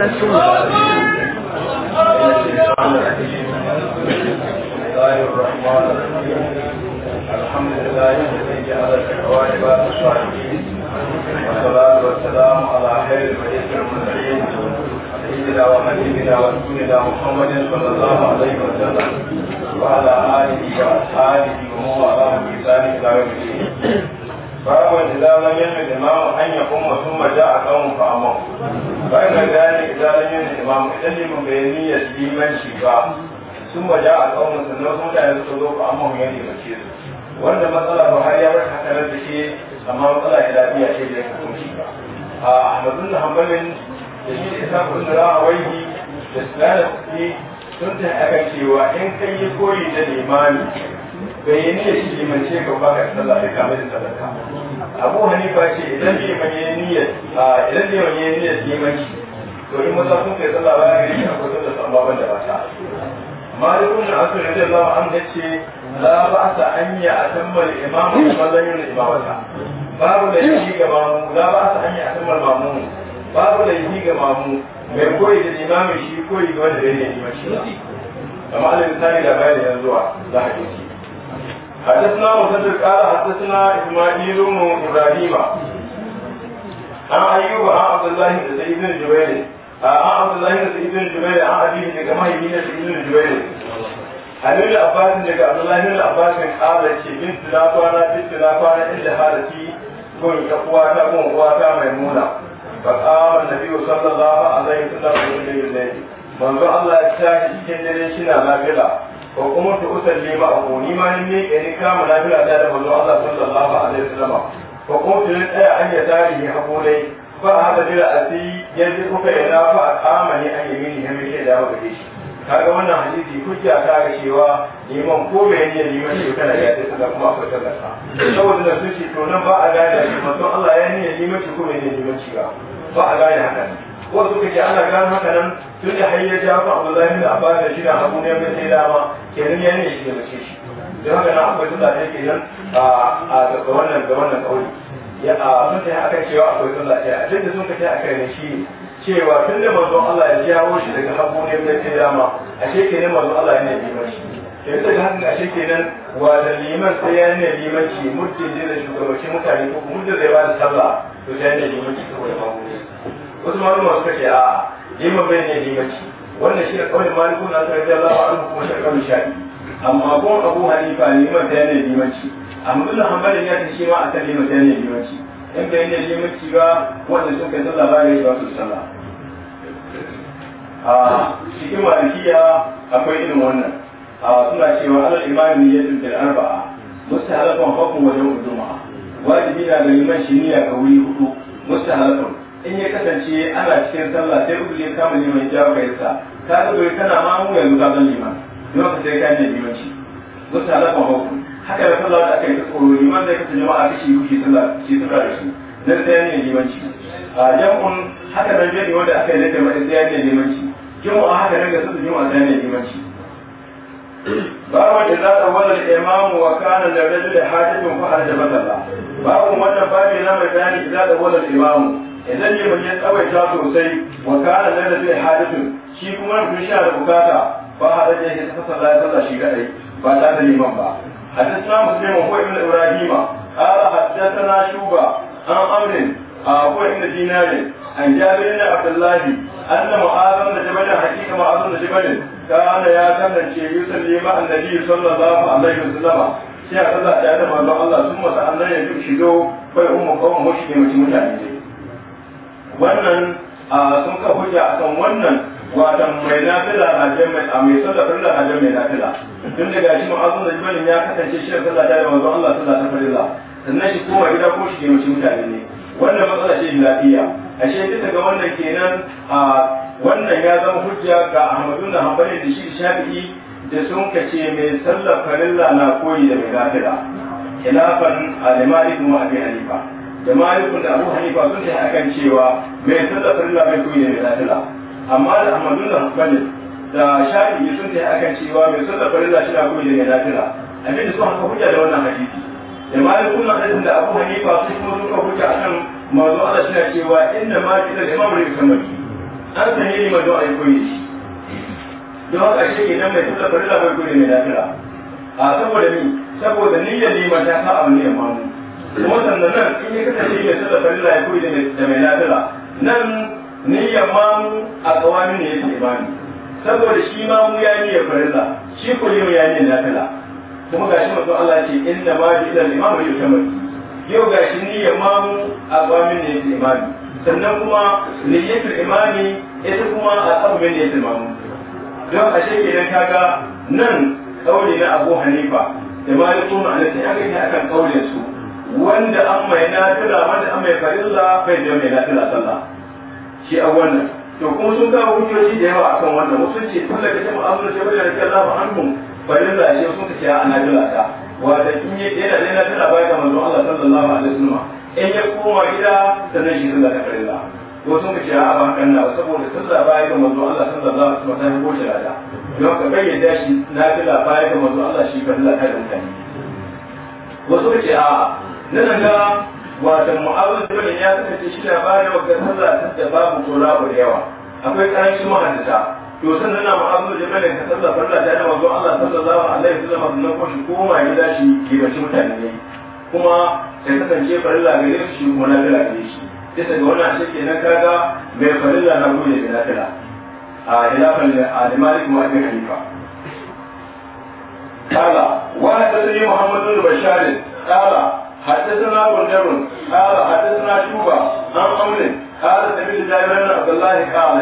الحمد لله الذي جعل الشوائب الصالحين والصلاة والسلام على خير مليك المرسلين سيدنا وحبيبنا ورسولنا محمد صلى الله عليه وسلم وعلى آله وأصحابه ومن والاه بإحسان إلى يوم الدين باب إذا لم يجد الإمام أن يقوم ثم جاء قوم فأمر فإن ذلك idan lam yamna imam idan liman bai niyyar limanci ba sun baja a kawun sannan sun mutane su zo ku amma mu yane bace su wanda matsala ba har ya barka tare da ke amma matsala ya lafiya ce da hukunci ba a ahmadun hanbalin da shi da isa kundura a waihi da sulala kuɗi sun ta aka cewa in kai yi koyi da limani bai yi niyyar shi limance ka ba ka sallah ya kame da sadaka abu hanifa ce idan liman ya niyyar idan liman ya niyyar limanci to in maza sun kai sallah baya gari a kwatar da san baban da mata malikun na asu da zai zama an ce la ba sa an a tambar imamu da mazayin imamata babu da yi ga mamu la ba sa an a tambar mamu babu da yi ga mamu mai koyi da imamu shi koyi ga wanda ya yi mace kama alin misali da bayan yanzu a za a yi حدثنا مسدد قال حدثنا اسماعيل بن ابراهيم عن ايوب عن عبد الله بن زيد بن جبير عبد الله بن سعيد بن جبير عن أبيه كما يمين سعيد بن جبير عن ابن عباس بن عبد الله بن عباس بن قال شيء بنت لا توانا بنت لا توانا إلا حالتي قل كقواتا قم قواتا ميمونة فقام النبي صلى الله عليه وسلم من الليل منذ الله يشتاك cikin dare shina nafila ko kuma ta usalle ma abu ni ma ni ne ke kama nafila da manzo Allah sallallahu alaihi wasallam ko kuma ta tsaya an ya tarihi hakulai fa hada bil asi yanzu kuka ina fa kama ni an yi mini ne mai da ba gare shi kaga wannan hadisi hujja ta ga cewa neman ko bai ne liman ko kana ya ce da kuma akwai tabbata saboda da su ce to nan ba a gane shi don Allah ya ne liman shi ko bai ne liman shi ba ba a gane haka ko suka ce ana gane haka nan tun da har ya ja fa Abdullahi da Abbas da shi da Abu ne ba sai dama kenan ya ne shi da mace shi don haka na akwai tsada yake nan a ga wannan ga wannan kauli ya a mutane akan cewa akwai sallah ɗaya abin da sun kace a kai shi cewa tun da manzon Allah ya jawo shi daga hagu ne da ta dama ashe kenan manzon Allah ne bi mashi to yadda da haka ashe kenan wa da liman sai ya ne limanci muddin da shugabanci mutane ko muddin da ya bada sallah to sai ne limanci saboda hagu ne wasu malama suka ce a liman bai ne limanci wannan shi ne kawai malikun na sarrafa Allah wa an kuma shirka amma ko abu halifa ne ma ta ne limanci amma duk hanbalin ya ta ce ma a tafi ma ta ne limanci in bai ne limanci ba wanda sun kai sallah ba ya ba su sallah a cikin malikiya akwai irin wannan a suna cewa alal ne ya tuntar arba'a mustahalafan hukun wajen juma'a wajibi na ga liman shi niyya ga wuri hudu mustahalafan in ya kasance ana cikin sallah sai ubule kama liman jawo ga yasa ka zo tana mamu ya ka zan liman lokacin da ya ne limanci wasu alaƙa hau haka da sallah da aka yi tsoro liman zai kasa jama'a kashi kuke sallah ke sallah da su dan sai ne limanci a jam'un haka nan jami'a wanda aka yi da jama'a sai ne limanci jama'a haka nan ga sallah jama'a sai ne limanci babu da za ta wannan imamu wa kana da rajul hajjin fa har da bazala babu wanda babu na mai gani da da wannan imamu idan ne ya tsawai ta sosai wa kana da rajul hajjin shi kuma mun sha da bukata fa har da yake ta sallah sallah shi ga ba ta da imam ba hadis na muslimu ko ibn ibrahima ta na shuba an amrin a ko ibn dinari an jabirin abdullahi anna mu'adh da jabal hakika mu'adh da jabal kana ya kasance yusalli ma annabi sallallahu alaihi wasallam sai aka za ta da manzon Allah sun masa Allah ya shigo kai ummu kawun mu shige mutum mutane ne wannan sun ka hujja akan wannan watan mai nafila na jami'a a mai sallafin da hajjar mai nafila tun daga shi ma'azun da jibalin ya kasance shi da sallah ta da Allah sallah ta farilla sannan shi koma gida ko shige mutum mutane ne wannan matsala ce lafiya ashe duk ga wannan kenan a wannan ya zama hujja ga Ahmadu da Hanbali da shi Shafi'i da sun kace mai sallar farilla na koyi da mai nafila khilafan alimari kuma ibn Abi Hanifa da malikun da Abu Hanifa sun ta akan cewa mai sallar farilla mai koyi da mai nafila amma da Ahmadu da Hanbali da Shafi'i sun ta akan cewa mai sallar farilla shi na koyi da mai nafila abin da sun haka hujja da wannan hadisi da malikun ibn da Abu Hanifa sun kuma suka hujja akan manzo ala suna cewa inda ma kida da imam rai kamar an san ne manzo ai koyi shi don haka shi idan mai tsara bari da koyi ne da kira a saboda ni saboda niyyar liman ta ka abin ne mamu kuma sannan nan in ya kasance mai tsara bari da koyi da mai lafiya nan niyyar mamu a kawamin ne ya yake imani saboda shi mamu ya yi niyyar farilla shi koyi kullum ya niyyar lafiya kuma gashi manzo Allah ce inna ma kida da imam rai kamar yau ga shi niyyar mamu a gwamin ne yake imani sannan kuma niyyatul imani ita kuma a tsabin ne yake mamu don a shekai na kaga nan kauli na abu hanifa da maliku ma'ana sai aka yi akan kaulin su wanda an mai natila wanda an mai farilla bai da mai natila sallah shi a wannan to kuma sun kawo hujjoji da yawa akan wannan musulci tun da kace mu'amala sai bai da Allah anhum farilla shi sun ce a natila ta wanda in ya yana da nafila bai ga manzon Allah sallallahu alaihi wasallam in ya koma gida sannan shi sallah ta farilla wasu mu ce a ban kan na saboda sallah bai ga manzon Allah sallallahu alaihi wasallam ta goce rada don ka bayyana shi nafila bai ga manzon Allah shi farilla ta da mutane wasu mu ce a nan ga wata mu'awul dole ya kasance shi ya bayar wa sallah da babu kora da yawa akwai karancin mahaddata to sannan na mu'amma da malaka ta sallah farla da annabi manzo Allah sallallahu alaihi wasallam sannan ko shi ya gida shi gibaci mutane ne kuma sai kasance farla gare shi kuma na bila gare shi bisa ga wannan shi nan kaga mai farla na gode da lafiya a ilafan da al-malik wa abi hanifa قال وحدثني محمد بن بشار قال حدثنا بندر قال حدثنا شوبه عن عمرو قال سمعت جابر بن عبد الله قال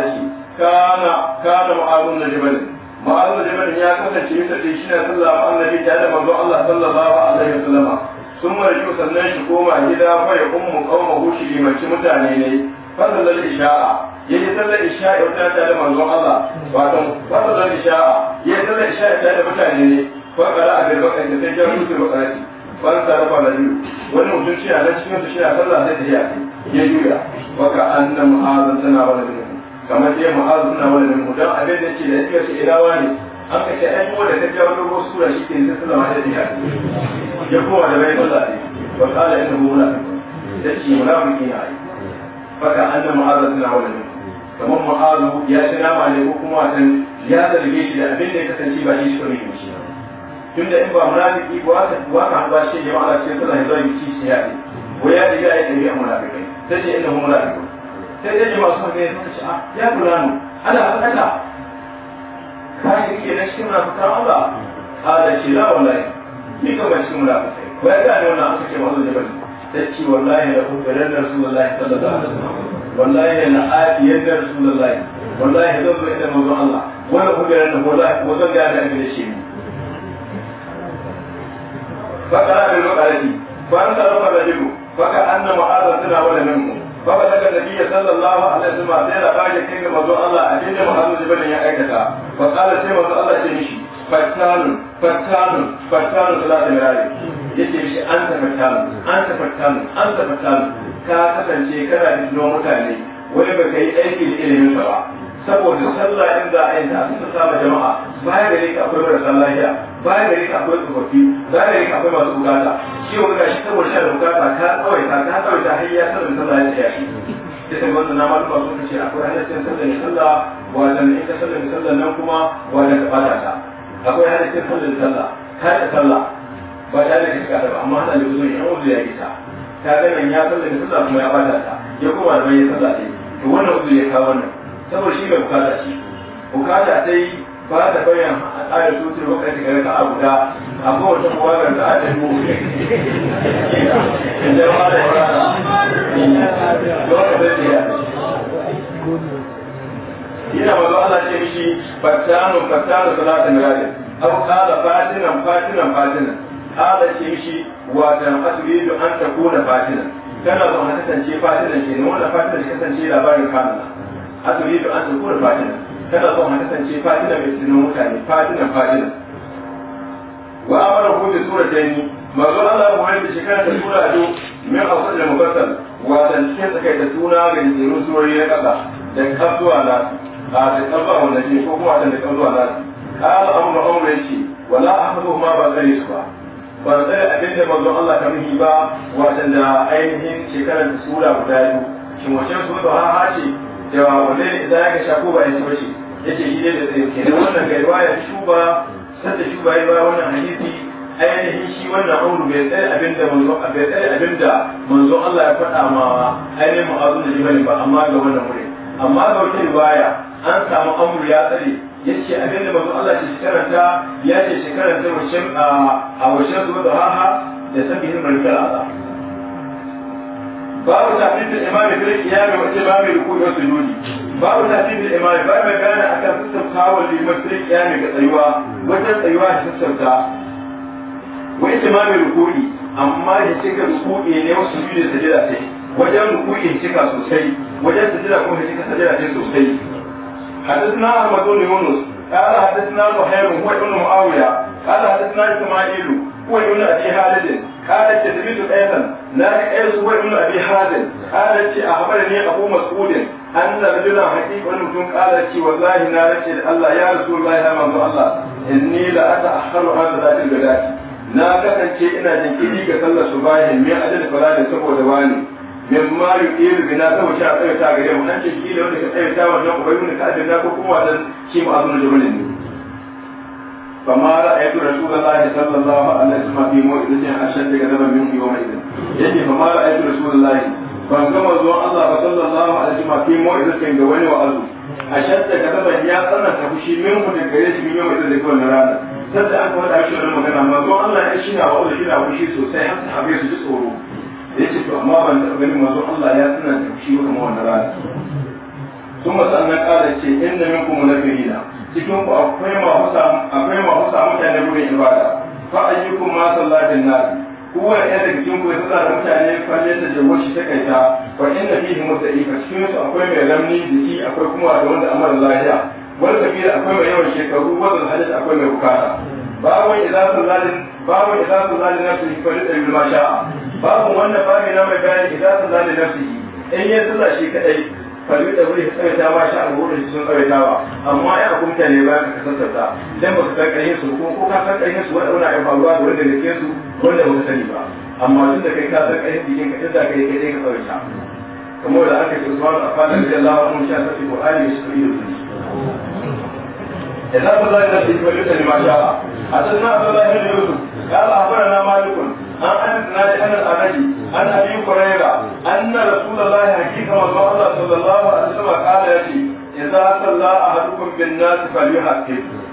kana kana ma'azun da jibalin ma'azun da jibalin ya kasance bisa ce shi ne sallah ma annabi tare da manzo Allah sallallahu alaihi wasallama sun mara marju sannan shi koma gida fa ya ummu qaumahu shi limanci mutane ne fadlan isha'a yayi sallar isha'i ta tare da manzo Allah wato fadlan isha'a yayi sallar isha'i tare da mutane ne fa qara a bil bakar da sai ya rubuta bakari ban sarrafa da biyu wani mutum shi a cikin su shi a sallah sai da ya yi ya juya wa ka annam hazan tana wala kamar dai mu'azu na wala min dan abin da yake da yake shi ila an ka ce ai da ta jawo dogo sura shi ke sai sallama da diya ya kuma da bai sallah wa qala innahu munafiq yace munafiki na ai faka anna mu'azu na wala min kamar mu'azu ya tana ma ne ko kuma san ya zarge shi da abin da ya kasance ba shi shi ne shi tunda in ba munafiki ba ka ba ka ba shi jama'a ce sallah ya zo yi shi ya ne ko ya riga ya yi ɗabi'a munafikai sai ce innahu munafiq sai dai jama'a suka gaya sun A ya kula nu ana faɗa kayan yake na cikin munafukan Allah ala ce la wallahi ni ka ba cikin munafukai ko ya gane wannan aka ce mazo jabal ta ce wallahi la ubaran rasulullahi sallallahu alaihi wasallam wallahi la afiyan rasulullahi wallahi zan zo inda manzo Allah wala ubaran da wallahi ko zan ga da gare shi fakara bil makalati fa anta rabbul rajul faka anna ma'azatuna wala minkum baba daga nabi sallallahu alaihi wasallam sai labarin kai ga mazo Allah a cikin Muhammad ibn ya aikata fa qala sai manzon Allah ce mishi fatanu fatanu fatanu salatu mirari yace mishi an ta fatanu an ta fatanu an ta fatanu ka kasance kana da mutane wani baka yi aiki da ilimin sa ba saboda sallah din za a yi da su saba jama'a baya gare ka akwai marasa lafiya baya gare ka akwai tsofaffi baya gare ka akwai masu bukata shi wani gashi saboda shi da bukata ka tsawai ka tsawaita har ya sanar da sallah ya tsaya shi ya san wannan na malama masu kace akwai halaccin sallar sallah wajen in ka sallah sallah nan kuma wajen ka bata ta akwai halaccin sallar sallah ka ta sallah ba ta da shiga da ba amma hana da uzuri yan uzuri ya gita ta nan ya sallar sallah kuma ya bata ta ya kuma da mai ya sallah ne to wannan uzuri ya kawo wannan saboda shi ga bukata shi bukata ta yi ba ta bayan ayar tutar maka ta karka a guda a kowace kwanar da aka yi gobe inda ba da rana da wata bai ya yana mazo ana ce mishi fattanu fattanu salatin rajin abu kala fatinan fatinan fatinan kala ce mishi watan asiri da an ta kuna fatinan kana zo na kasance fatinan ke ne wannan fatinan shi kasance labarin kanana a turi da an tukura fadina tana son ka kasance fadina mai tunan mutane fadina fadina wa amara hu bi suratayn manzo Allah Muhammad shekara ta sura do min asal da mufassal wa tan cikin kai da tuna ga jirun surori na kasa da kasuwa na a da kafa wanda ke ko kuma da kasuwa na qala amru amru yace wala ahadu ma ba zai su ba ba zai abinda manzo Allah ka mihi ba wa da ainihin ta sura guda biyu shin wace sura ha ce da wanda idan ya ga ko ba ya ci bace yace shi ne da zai kenan wannan ga riwaya shuba sanda shuba ya ba wannan hadisi ainihin shi wannan auru bai tsaye abinda manzo bai tsaye abinda manzo Allah ya faɗa ma ainihin mu'azu da jibali ba amma ga wannan wurin amma ga wata riwaya an samu amru ya tsare yace abinda manzo Allah shi karanta ya ce shi karanta washin a washin zuwa da haha da sabihin markala babu tafi da imami fil qiyami wa imami ruku'i wa sujudi babu tafi da imami ba mai gane akan sassautawa liman fil qiyami ga tsayuwa wajen tsayuwa da sassauta wa imami ruku'i amma da cika ruku'i ne wasu biyu da sajida sai wajen ruku'i cika sosai wajen sajida kuma cika sajida sai sosai حدثنا أحمد بن يونس قال حدثنا زهير هو ابن معاوية قال حدثنا اسماعيل هو ابن ابي خالد قال تلميذ ايضا لا ايس هو ابن ابي خالد قال اخبرني ابو مسعود ان رجلا حقيق ولم قال والله نارك الله يا رسول الله يا من الله اني لا اتاخر عن ذات البلاد na kasance ina jinkiri ga sallar subahin min ajal falani saboda wani min ma yuqilu bina saboda shi a tsayata gare mu nan ce kila wanda ka tsayata wannan ubayyun ka ajin na ko kuma wannan shi mu azumul jabal ne فما رأيت رسول الله صلى الله عليه وسلم في موئلة أشد كذبا منه يومئذ يعني فما رأيت رسول الله فانكما زوان الله صلى الله عليه وسلم في موئلة جواني وأرض أشد كذبا يا أنا تخشي منه تكريس من يومئذ لكل مرانا سبت أنك ولا أشهر المكان أما زوان الله أشينا وأول شينا وشي سوسي حتى حبيس جسوره yace to amma ban taɓa ganin manzo Allah ya tana da shi kuma wannan rana ثم سألنا قال إن منكم منافقين cikin ku akwai masu akwai masu samu mutane gurin ibada fa ayyukum ma sallatin nas kowa ɗaya daga cikin ku ya da mutane falle ta je wasu ta kaita fa inna fihi mutaifa cikin su akwai mai lamni jiki akwai kuma da wanda amar lafiya wani kabila akwai mai yawan shekaru wanda hadis akwai mai bukata Babu idza sallatin babun idza sallatin nafsi fa lidda bil masha babun wannan babu na mai bayani idza sallatin nafsi in ya sallah shi kadai kalli da wuri sai ta ba shi abu da sun kawai ba amma ya abu mutane ba ka kasance ta dan ba ka san su ko ka san karhin su wanda wani ya faruwa da wanda ne wanda ba ka sani ba amma tun da kai ka san jikin ka kai kai ka kawai kamar da aka ce Usman Affan sha ta Qur'ani shi da an an naji an al-anani an abi qurayra anna rasulullahi hakika manzo Allah sallallahu za a qala yati idza salla ahadukum bin nas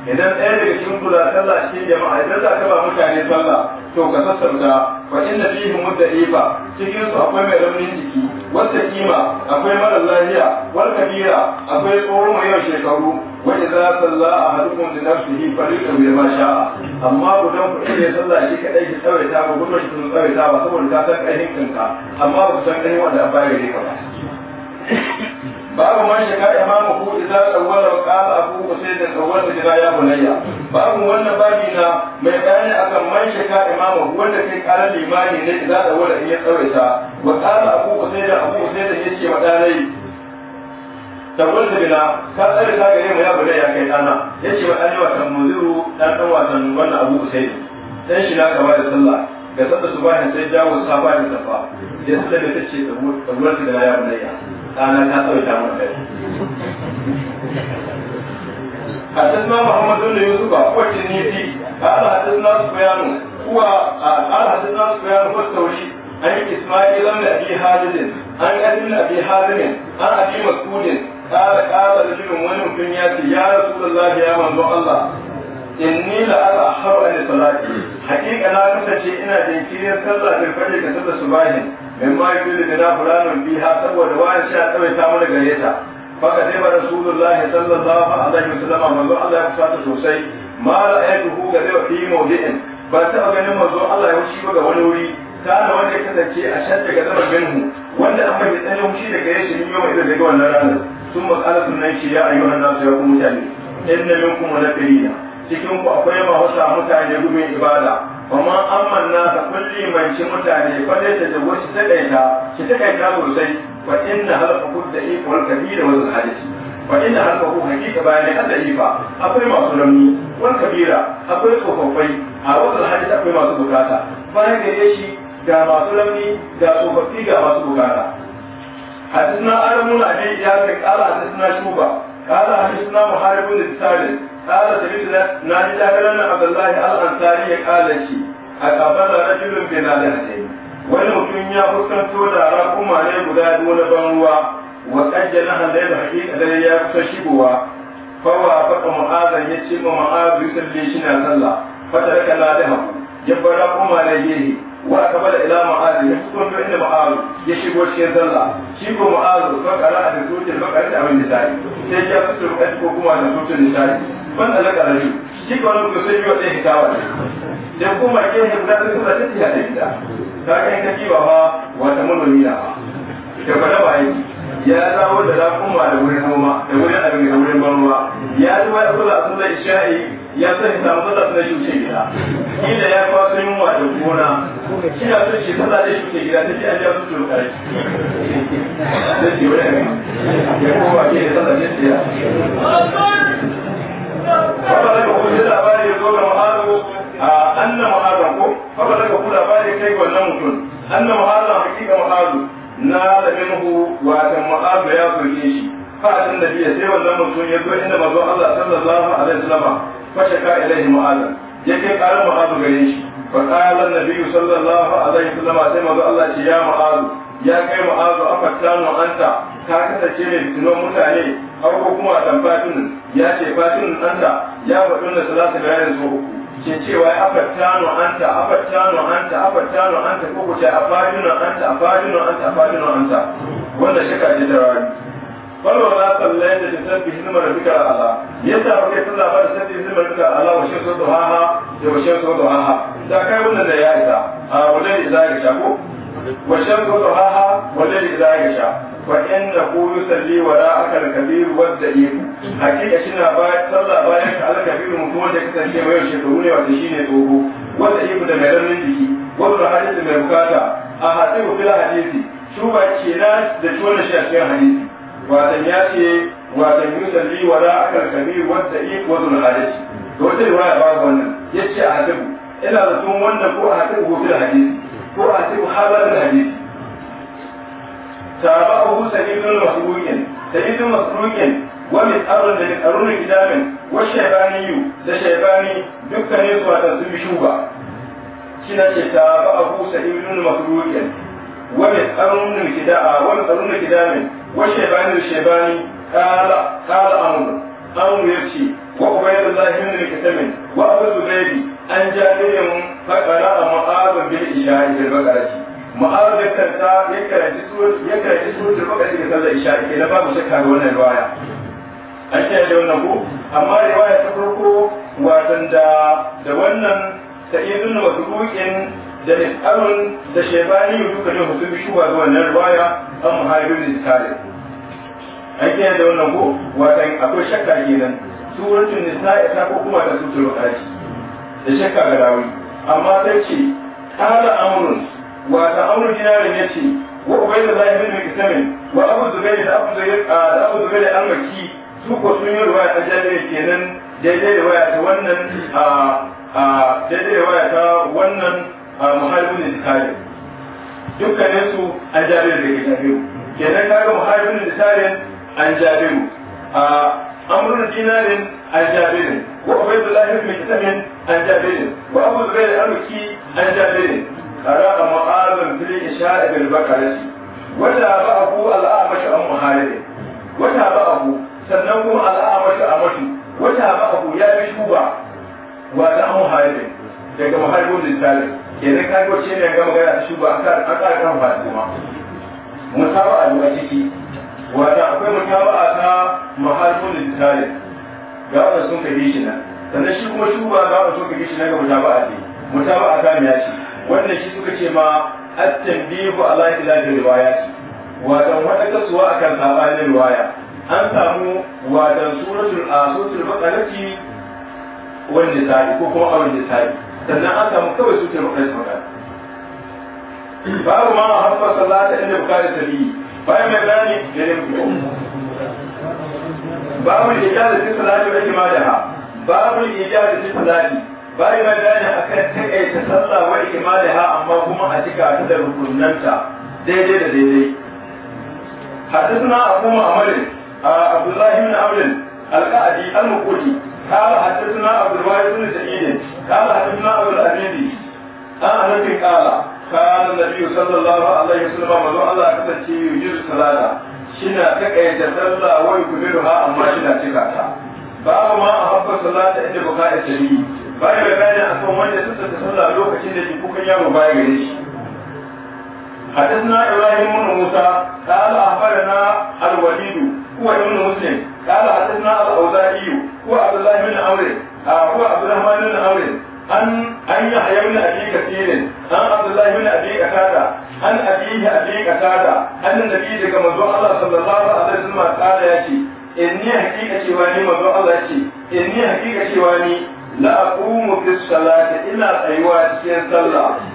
idan ɗaya daga cikin ku za sallah cikin jama'a idan za ka ba mutane sallah to ka sassauta fa inna fihi mudda'ifa cikin su akwai mai raunin jiki wata kima akwai mara lafiya wal kabira akwai tsoro mai yawan shekaru wa idza salla ahadukum li nafsihi fariqan bi ma sha'a amma gudan ku ɗaya sallah shi kadai ki ta ba shi ki ta ba saboda ka san kai amma ba ku san kai wanda ba ya ba babu man shaka imamu ku idza awwala wa qala abu da awwal da ya bunayya babu wannan babi na mai bayani akan man shaka imamu wanda ke karar limani ne idza awwala in ya tsawaita wa qala abu usayd abu usayd yace wa dalai tabbar da bila ka tsare ka gare mu ya bunayya kai dana yace wa dalai wa tamuziru dan dan wasan wannan abu usayd dan shi na kawai da sallah ga sanda subahin sai jawo safa da safa ya sallah ta ce da tabbar da ya bunayya ranar ta tsawai ta mun dai. Hadis na Muhammadu da Yusuf a kowace ne ji, ka ala hadis na bayanu, kuwa a wuri, an yi Ismailan da bi hadirin, an yi Adin da bi hadirin, an abi masudin, kada kada da shirin wani mutum ya ce, ya rasu da lafiya manzo Allah, inni la ala haru a ne salati, hakika na kasance ina da kiriyar sallah da fadi da sallah subahin, min ma yudil bina fulanun biha saboda wani sha tsawai ta mana gare ta faka sai ba rasulullah sallallahu alaihi wasallam manzo Allah ya fata sosai ma ra'aytuhu ga da fi mawdi'in ba ta ganin manzo Allah ya wuce ga wani wuri kana wanda ya kasance a shadda ga zaman minhu wanda amma ya tsare wuce daga yashi ne yau idan daga wannan ranar sun makala sunan shi a ayyuhan na ya ku mutane kuma na munafirina cikin ku akwai mahusa mutane gumin ibada amma amman na ka kulli manci mutane fa dai ta jawo shi ta kaita shi ta kaita sosai fa inna da kudda iqwal kabira wal hadisi fa inna halqa ku hakika bayan an da ifa akwai masu rauni wal kabira akwai tsofaffai a wasu hadisi akwai masu bukata bayan da shi ga masu rauni ga tsofaffi ga masu bukata حدثنا آدم بن أبي ياسر قال حدثنا شوبة قال حدثنا محارب بن قال سبيل نادي جابر عبد الله الأنصاري قال شيء أقبل رجل بنادرتين wani mutum ya fuskanto da raƙuma ne guda biyu na ban ruwa wa na handai da haƙiƙa dare ya kusa shigowa fawa faɗa mu'azan ya ce ma mu'azu yusalli shi na sallah fata na da haku ya bar raƙuma na gehe واعتمد الى معاذ يحكم فان معاذ يشبه الشيء زلا شيكو معاذ فقرا ان صوت البقره او النساء sai ya fito kai ko kuma da sautin nishaɗi wanda na ƙarari shi ko wani kusa yi wa ɗaya hitawa ne da kuma ke himna da kuma ta tiya da ita ta kai ta kiwa ma wata manomi na ba da kwada ba ya dawo da raƙuma da wurin noma da wurin abin da wurin ban ya ji wani kula sun zai isha'i ya sani samu kula sun da shuke gida kila ya kawo sun yi da gona shi ya sun shi kula da shuke gida ta ce an ja su turu kare da ke wani ya kowa ke da sallar jinsiya kaba daga kusa labari ya zo ga muharu annan muharram ko kaba daga kusa labari kai wannan mutum annan muharram hakika muharu na da minhu wata muharu ya soke shi fa'adin nabi sai wannan mutum ya zo inda manzon Allah sallallahu alaihi wasallam fa shaka ilaihi mu'adh ya kai karar mu'adh gare shi fa qala nabi sallallahu alaihi wasallam sai manzon Allah ce ya mu'adh ya kai mu'adh afattanu anta ka kasance mai fitinon mutane har ko kuma tamfatin ya ce fatin anta ya faɗi na salatu da yayin so ke cewa ya afattanu anta afattanu anta afattanu anta ko ku ce afadinu anta afadinu anta afadinu anta wanda shaka ji da rani kwallo na tsalle da ta sarki hizima da duka ala yadda ba kai tsalla ba da sarki hizima da duka ala wa shekso da hana da wa shekso da hana kai wannan da ya isa a wajen da za a isa ko wa shekso da hana da za a isa fa inda ku yi tsalli wa da aka da kabiru wadda yi hakika shi na ba tsalla ka ala kabiru mu kuma da ka tsarki mai yau shekaru ne wata shi ne tsoho wadda yi da mai ramin jiki wadda da hadisi mai bukata a hadisi wa fila hadisi shuba na da tuwa na shi a cikin hadisi watan ya ce watan yusalli wala la akal kabi wa da'iq wa dun hadisi to wata riwaya ba wannan yace a tabu ina da tun wanda ko a tabu ko fil hadisi ko a tabu halal al hadisi tabahu sayyidul mahruqin sayyidul mahruqin wa min arun da arun kitabin wa shaybaniyu da shaybani dukkanin su wata su shuba kina ce tabahu sayyidul mahruqin wa min arun da kitaba wa min arun da kitabin والشيباني الشيباني قال قال أمر أمر يبكي وعبيد الله من الكتمن وأبو الزبير أن جابر فقرأ معاذ بالإشاء في البقرة معاذ يكرتا يكرت سورة يكرت سورة البقرة في صلى الإشاء إلى باب شكا ولا رواية an ce da wannan ko amma riwaya ta farko watan da is'alun da shaibani dukkanin duka ne hukumi shuba zuwa wannan riwaya an muhaibin nisari an kiyaye da wannan ko wata akwai shakka kenan suratun nisa'i ta ko kuma ta sutur bukati da shakka ga rawi amma sai ce kala amrun wata amrun dinarin ya ce wa ubayda zai bin mikisamin wa abu zubair da abu zubair da abu zubair an maki su ko sun yi riwaya ta jabir kenan daidai da ta wannan a daidai ta wannan muhajirin salim dukkanin su an jabiru da ke jabiru kenan kaga muhajirin salim an mu a amurin dinarin an jabirin wa ubaidullahi bin hisamin an ne wa abu zubair da amki an jabirin قرأ معاذ بالإشارة بالبقرة وتابعه الأعمش wata محاربه وتابعه sannan kuma al'amashi a mashi wata ba abu ya fi shuba wa an muharibin daga muharibin lissalin yanzu ka ko ce ne ga magana da shugaba an ka an ka kan ba kuma mutaba'a ne ciki wata akwai mutaba'a ta mahalfun littare ga wannan sun kabi shi nan sannan shi kuma shugaba ga wannan sun kabi shi nan ga mutaba'a ne mutaba'a ta miya ce wannan shi suka ce ma biyu at-tanbihu ala ilahi riwayati wata wata kasuwa kan sabanin riwaya an samu watan suratul asuratul baqarati wanda sa'i ko kuma awal da sa'i sannan an samu kawai su taimakon su magana babu ma a hafa sallata inda bukari sabi bayan mai gani da ne mutum babu ijaza fi salati wa ikmalaha babu ijaza fi salati bayan mai a kan takaita sallah wa ha amma kuma a cika ta da rukunanta daidai da daidai حدثنا أبو محمد عبد الله بن عمرو القعدي المقولي قال حدثنا عبد الوارث بن سعيد قال حدثنا ابو العزيز عن انس قال قال النبي صلى الله عليه وسلم ما من الله كتشي يجوز الصلاه شنا تكايت صلى ويكملها اما شنا تكاتا باب ما احب الصلاه عند بقاء السبيل باب بيان اكون wanda suka ta sallah lokacin da ke kukan yaro baya حدثنا ابراهيم بن موسى قال اخبرنا الوليد هو ابن مسلم قال حدثنا الاوزاعي هو عبد الله بن عمرو هو عبد الرحمن بن عمرو عن عن يحيى بن ابي كثير عن عبد الله بن ابي قتاده عن ابيه ابي قتاده ان النبي daga manzo Allah sallallahu alaihi wasallam قال yace inni hakika cewa ni manzo Allah yace inni hakika cewa ni la aqumu bis salati illa tsayuwa cikin sallah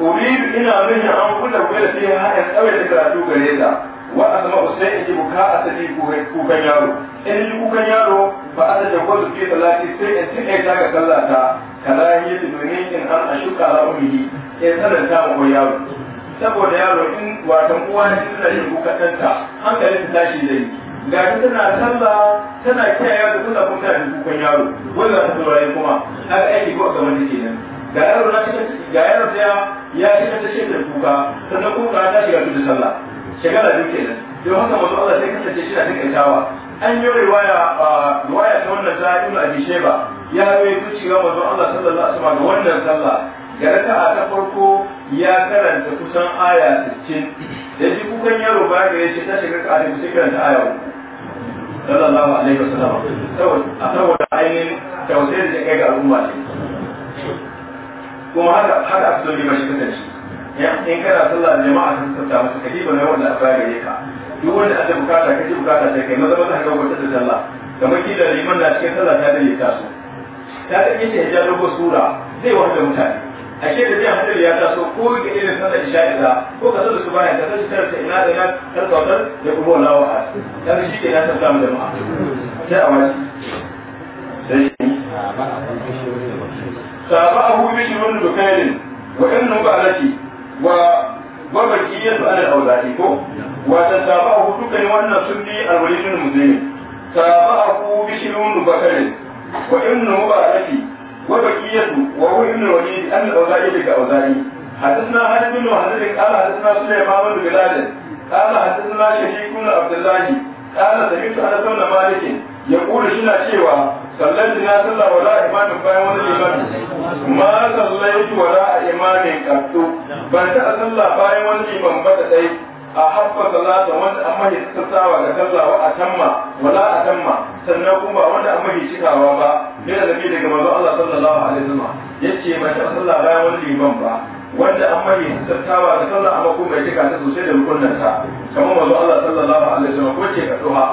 uridu ina nuna an kula kula sai ha ya da karatu gare ta wa azma usai in ji buka asali kukan yaro in ji kukan yaro ba a da wasu fi salati sai in tuɗe ta ga sallata kalahi da domin in an a shuka ala umihi in sananta ma yaro saboda yaro in watan uwa ne suna yin kukatanta hankalin ta tashi dai ga tana sallah tana kiyaye da kula kuma kukan yaro wannan ta saurari kuma har aiki ko ga wani kenan ga yaro na ga yaro ta ya shiga ta shi da kuka sannan kuka ta shiga da sallah shekara biyu kenan don haka masu Allah sai kasance shi na takaitawa an yi riwaya a riwaya ta wannan ta ibnu abi shayba ya yi kuci ga masu Allah sallallahu alaihi wasallam ga wannan sallah ga raka'a ta farko ya karanta kusan aya 60 da shi kukan yaro ba ga ce, ta shiga ka sai karanta aya sallallahu alaihi wasallam saboda ainihin tausayin da kai ga al'umma ne kuma haka haka a cikin limashi kasance in kana sallah da jama'a sun tsafta musu kaji ba ne wanda aka gare ka duk wanda aka bukata kaji bukata sai kai maza maza haka wata da sallah kamar kila liman na cikin sallah ta dai ta so ta da yake ya ja dogon sura zai wahala mutane ce da zai hankali ya taso ko ga irin sallar isha'i da ko ka zo su bayan ka zai tarar ta ina da ina tarkautar da kuma wala wa a ta shi ke na mu jama'a sai a wani sai تابعه بشر من بكير وإن مبارك و وبقية أهل الأولاد وتتابعه دكان وأن سدي الوليد المسلم تابعه بشر من بكير وإن مبارك وبقية وهو ابن الوليد أن الأوزاعي لك حدثنا خالد بن وحدثك قال حدثنا سليمان بن بلال قال حدثنا شريك بن عبد الله قال سمعت أنس بن مالك يقول شنا شيوا sallan na sallah wala imanin bayan wani limamin ma sallaitu wala imanin qattu ban ta sallah bayan wani liman ba da dai a habba salata wanda an mahi tsawa da sallah wa atamma wala atamma sannan kuma wanda an mahi cikawa ba bai da nabi daga manzo Allah sallallahu alaihi wasallam yace ban ta sallah bayan wani liman ba wanda an mahi tsawa da sallah amma kuma ya cika ta sosai da rukunnan ta kamar manzo Allah sallallahu alaihi wasallam ko ce ka duha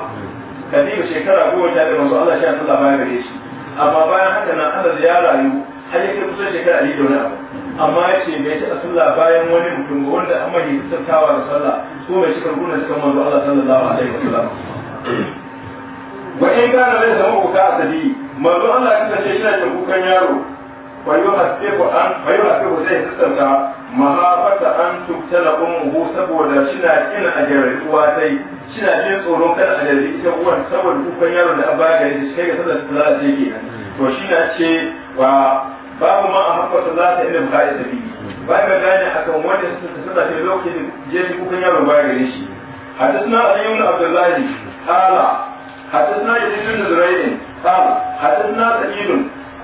kadiba shekara goma sha biyar manzo Allah sha sallah baya gare shi amma bayan haka nan Allah ya rayu har yake kusa shekara ɗari da wani abu amma ya ce bai taɓa sallah bayan wani mutum ga wanda an mahi tattawa da sallah ko bai cika gona cikin manzo Allah sallallahu alaihi wasallam wa in kana laysa mabuka asali manzo Allah ce shi na kukan yaro ويؤثر أن ويؤثر زي سسنتا مخافة أن تبتل أمه سبودا شنا كنا أجر واتي شنا جن tsoron kada a jarri ita uwan saboda kukan yaron da abba gare shi kai ga sada za ta ce kenan to shi na ce wa babu ma a hakka sada ta ilm ka da bi ba ga gane ta kukan yaron ba shi عبد الله قال حدثنا يزيد بن زريع قال حدثنا سعيد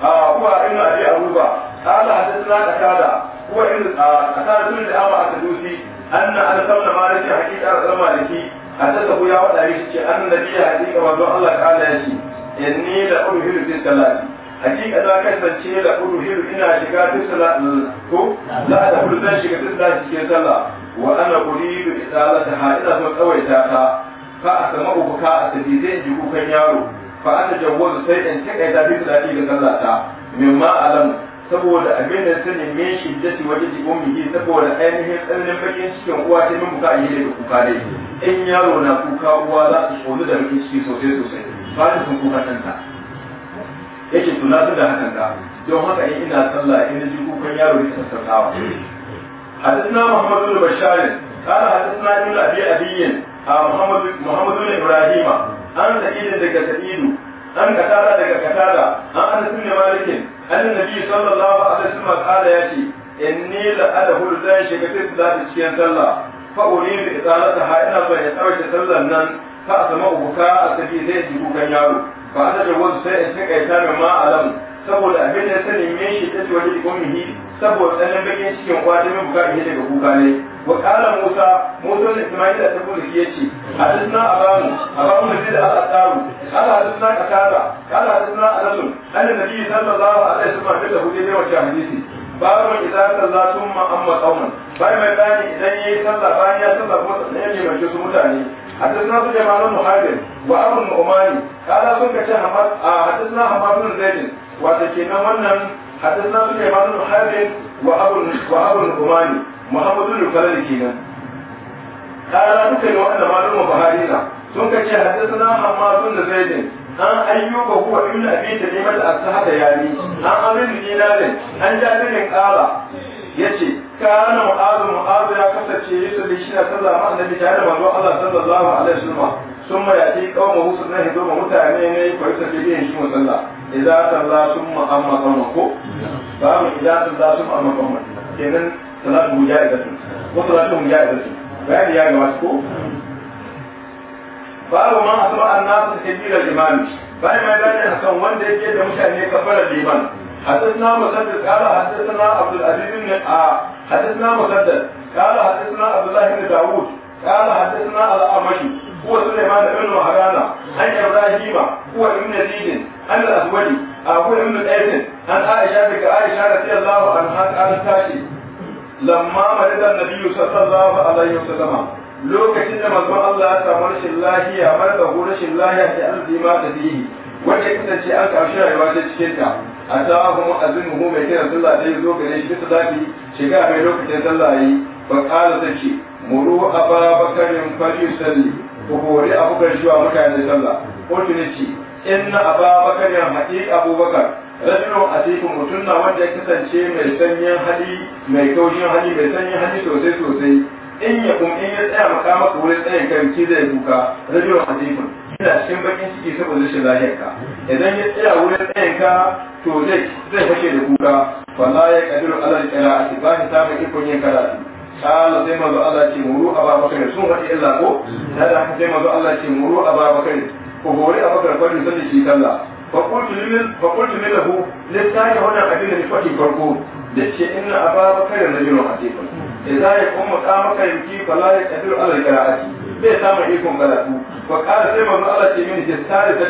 هو ابن ابي عروبه قال حدثنا قتاده هو ابن قتاده بن الامر السدوسي ان انس بن مالك حقيقه انس مالكي حدثه يا وداري ان النبي حقيقه وضع الله تعالى يشي اني لاؤهل في الصلاه hakika za ka kasance da kudu hiru ina shiga duk ko za a kudu zan shiga duk cikin sallah wa ana uridu isalata ha ina so tsawaita ta fa asma'u buka asadi zai ji kukan yaro fa ana jawwazu sai in take ta da Allah ta min ma alam saboda abin da sani min waje wajen ji ummihi saboda ainihin tsananin bakin cikin uwa ta min buka yi da kuka dai in yaro na kuka uwa za su tsoro da bakin ciki sosai sosai ba ta sun kuka tanta yake tuna da hakan da don haka in ina sallah in ji kukan yaro ne sassautawa حدثنا محمد بن بشار قال حدثنا ابن ابي ابي محمد محمد بن ابراهيم an sa'idin daga sa'idu an katara daga katara an anas ibn malikin annabi sallallahu alaihi wasallam kala yace inni la adhul zan shiga da cikin sallah fa uridu ha ina so ya tsawaita sallan nan fa asma ubuka asabi zai ji kukan yaro Ba a da wasu sai in takaita ma alam saboda abin da ya sani me shi tace wajen ummihi saboda ɗan bakin cikin kwa ta min bukari daga kuka ne wa qala musa musa da isma'il da tabu shi yace hadithna abanu abanu da da al-asaru qala hadithna kasaba qala hadithna anasun anna nabi sallallahu alaihi wasallam da hu dai wa hadisi babu idza salla thumma amma qauman bai mai bani idan yayi sallah bayan ya sallah ko sai ya mai su mutane حدثنا سليمان بن محارب وابو النعماني قال سنك حدثنا حماد بن زيد وتكينا ونن حدثنا سليمان بن حرب وابو وابو الاماني محمد بن فلان كينا قال دكان وان معلوم بهارينا sun kace haddathana Hammad bin Zaid an ayyuba huwa ibn Abi Tamim al-Asahaba yani an Amr bin Dinar an Jabir bin Qala yace kana Mu'adh Mu'adh ya kasance yusalli shi na sallah ma annabi tare da manzo Allah sallallahu alaihi wasallam sun ma yaji kauma husu na hido mutane ne ko yusalli shi idza salla summa amma qama ko babu idza salla summa amma qama kenan salatu mujahidatu ko salatu mujahidatu bayani ya gabata ko babu man asra an-nas kabira bayan mai bayani akan wanda yake da mutane liman حدثنا مسدد قال حدثنا عبد العزيز بن حدثنا مسدد قال حدثنا عبد الله بن داوود قال حدثنا الأعمشي هو سليمان بن an عن ابراهيم هو ابن زيد عن الاسود هو ابن الأيس عن عائشة بك عائشة رضي الله عنها قالت تاشي لما مرض النبي صلى الله عليه وسلم lokacin da manzon Allah ya samu rashin lahiya mara da rashin lahiya sai an zima ta dihi wanda ita ce an karshe rayuwa ta cikin ta a ta kuma mu mai kira sallah ta yi zo gare shi bisa zafi shiga mai lokacin sallah yi ba ta ce muru ababakarin fali salli ku kori abubakar shi wa mutane sallah kotu ne ce inna ababakar ya haƙi abubakar rajulun atikun mutum na wanda ya kasance mai sanyin hali mai taushin hali mai sanyin hali sosai sosai in ya kun in ya tsaya maka maka wurin kan ki zai kuka rajulun atikun ina cikin bakin ciki saboda shi rashin ka idan ya tsaya wurin tsayin ka to zai zai fashe da kuka wallahi ya kadiru alal qira'ati ba ni samun ikon yin karatu قال سيما ذو الله كي مروا أبا بكر سنة إلا كو هذا سيما ذو الله كي مروا أبا بكر وهوري أبا بكر فجر سنة شي كلا فقلت لمن فقلت من له للتاني هنا قبيل نفاتي فرقو لكي إن أبا بكر رجل حديث إذا يقوم قامك يمكي فلا يقدر على القراءة bai samu ikon karatu fa kala sai manzo Allah ce mini ke tare da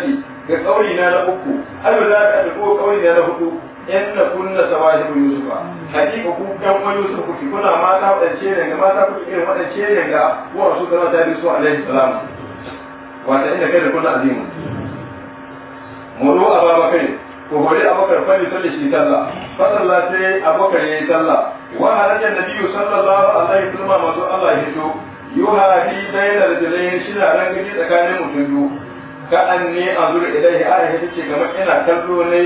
ga kauri na na uku ai ba za ka dauko kauri na na hudu inna kunna sawahibu yusufa hakika ku dan wa yusuf ku kuna mata wadance ne ga mata ku irin wadance ne ga wa su kana ta bisu alaihi salam wata inda kai da kunna azimu mulu ababakar ku hore abakar fa ni salli shi sallah fa sallah sai abakar yayi sallah wa halajan nabiyyu sallallahu alaihi wasallam masu Allah ya hito yuha fi bainal jalayn shi da ran gaji tsakanin mutum biyu ka ne a zuri ilaihi aisha ce kamar ina kallo ne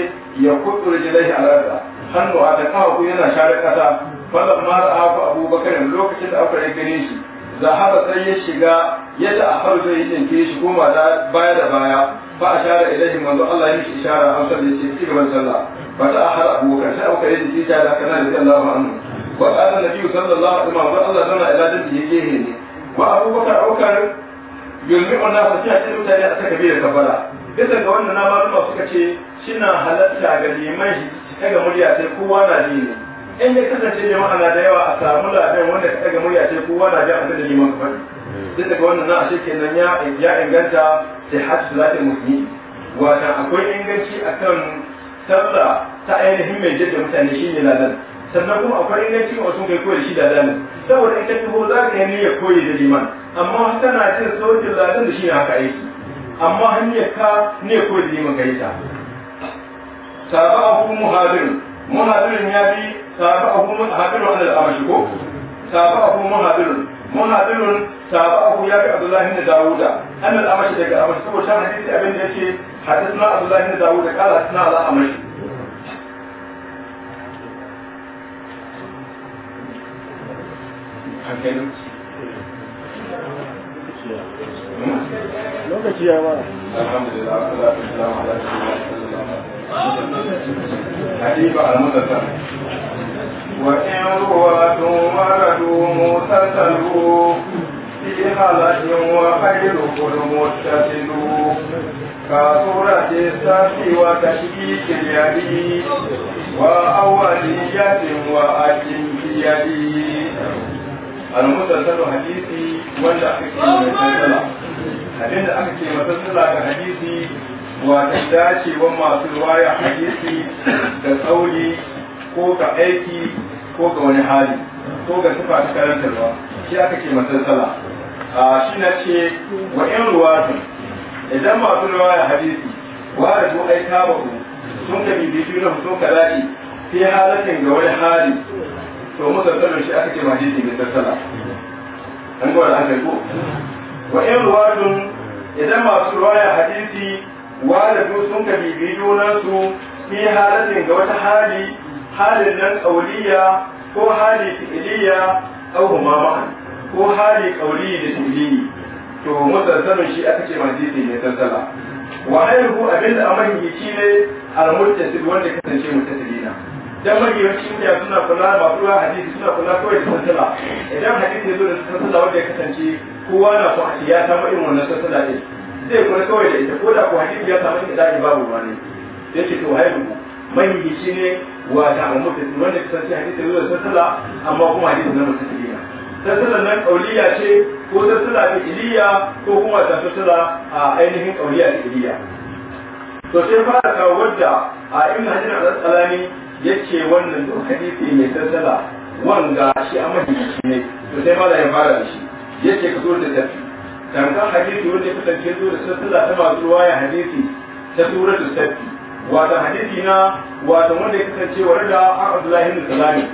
ya kudu ilaihi alarda hannu a ta kawo yana share kasa falan ma ra'a ku abubakar lokacin da aka yi gare shi zahara sai ya shiga yadda a farko ya tinke shi koma da baya da baya fa a share ilaihi manzo Allah ya mishi ishara an sallah ce ci gaban sallah fa ta ahar abubakar sai aka yi shi da kana da Allahu anhu wa qala nabiyyu sallallahu alaihi wa sallam Allah zama ila dadi yake ne wa abubakar abubakar yanzu wannan su ce a cikin mutane a saka biyar kafara. bisa ga wannan na maluma suka ce shina halatta ga liman shi ta ga murya sai kowa na ji ne in ya kasance jama'a ma'ana da yawa a samu labin wanda ka daga murya sai kowa na ji a da liman kwan bisa ga wannan na a kenan nan ya inganta sai hajji salatin musulmi wata akwai inganci akan sallah ta ainihin mai jirgin mutane shi shine nan. sannan kuma akwai ingancin mutum kai koyi shi da lanin saboda ita ta taho za ka yi niyyar koyi da liman amma tana cin saukin lanin da shi ne haka aiki amma hanyar ka ne koyi da liman kai ta sabahu muhadir muhadir ya bi sabahu muhadirin an al'amashi ko sabahu muhadir sabu sabahu ya bi abdullahi da dawuda an al'amashi daga al'amashi saboda hadisi abin da yake hadisna abdullahi da dawuda kala hadisna al'amashi lokaci ya ba alhamdulillah Allah ta salamu ala sallallahu alaihi wa in ruwatu wa كثرة السف وتشكيك اليد وأولية وأجل al-musalsalu hadisi wanda aka ce sansala, abin da aka ce musalsala ga hadisi wata dacewar masu riwaya hadisi da tsauri ko ga aiki ko ga wani hali ko ga sifa ta karantarwa shi aka ce musalsala a shi na ce wa yan ruwatu idan masu riwaya hadisi wa da ko aika ba sun ka bibiyu na sun ka dace sai halatin ga wani hali to musalsalin shi aka ce ma hadisi mai sassala an gwada aka ko wa in ruwatun idan masu ruwaya hadisi waladu sun ka bibi junansu fi halatin ga wata hali halin nan kauliya ko hali fi'iliya ko huma ma'an ko hali kauli da fi'ili to musalsalin shi aka ce ma hadisi mai sassala wa ayyuhu abinda yake ne al-muttasil wanda kasance muttasilina dan mafi yawanci mutane suna kula masu ruwa hadisi suna kula kawai da sassala idan hadisi ya zo da sassala wanda ya kasance kowa na so a ya samu irin wannan sassala ne zai kula kawai da ita ko da ku hadisi ya samu ita da babu ruwa ne ya ce to haihu shi ne wa ta almutu wanda ya kasance hadisi ya zo da sassala amma kuma hadisi na mutum ne sassalan nan kauliya ce ko sassala ta iliya ko kuma ta sassala a ainihin kauliya ta iliya to sai fara kawo wadda a ibn hajar al-asqalani yace wannan duk hadisi mai tattala wanga shi a mahimmanci ne to sai da ya fara da shi yace ka zo da tafi tankan hadisi wanda ya kasance zo da tattala ta masu ruwaya hadisi ta suratu safi wata hadisi na wata wanda ya kasance wa rada a Abdullahi bin Salami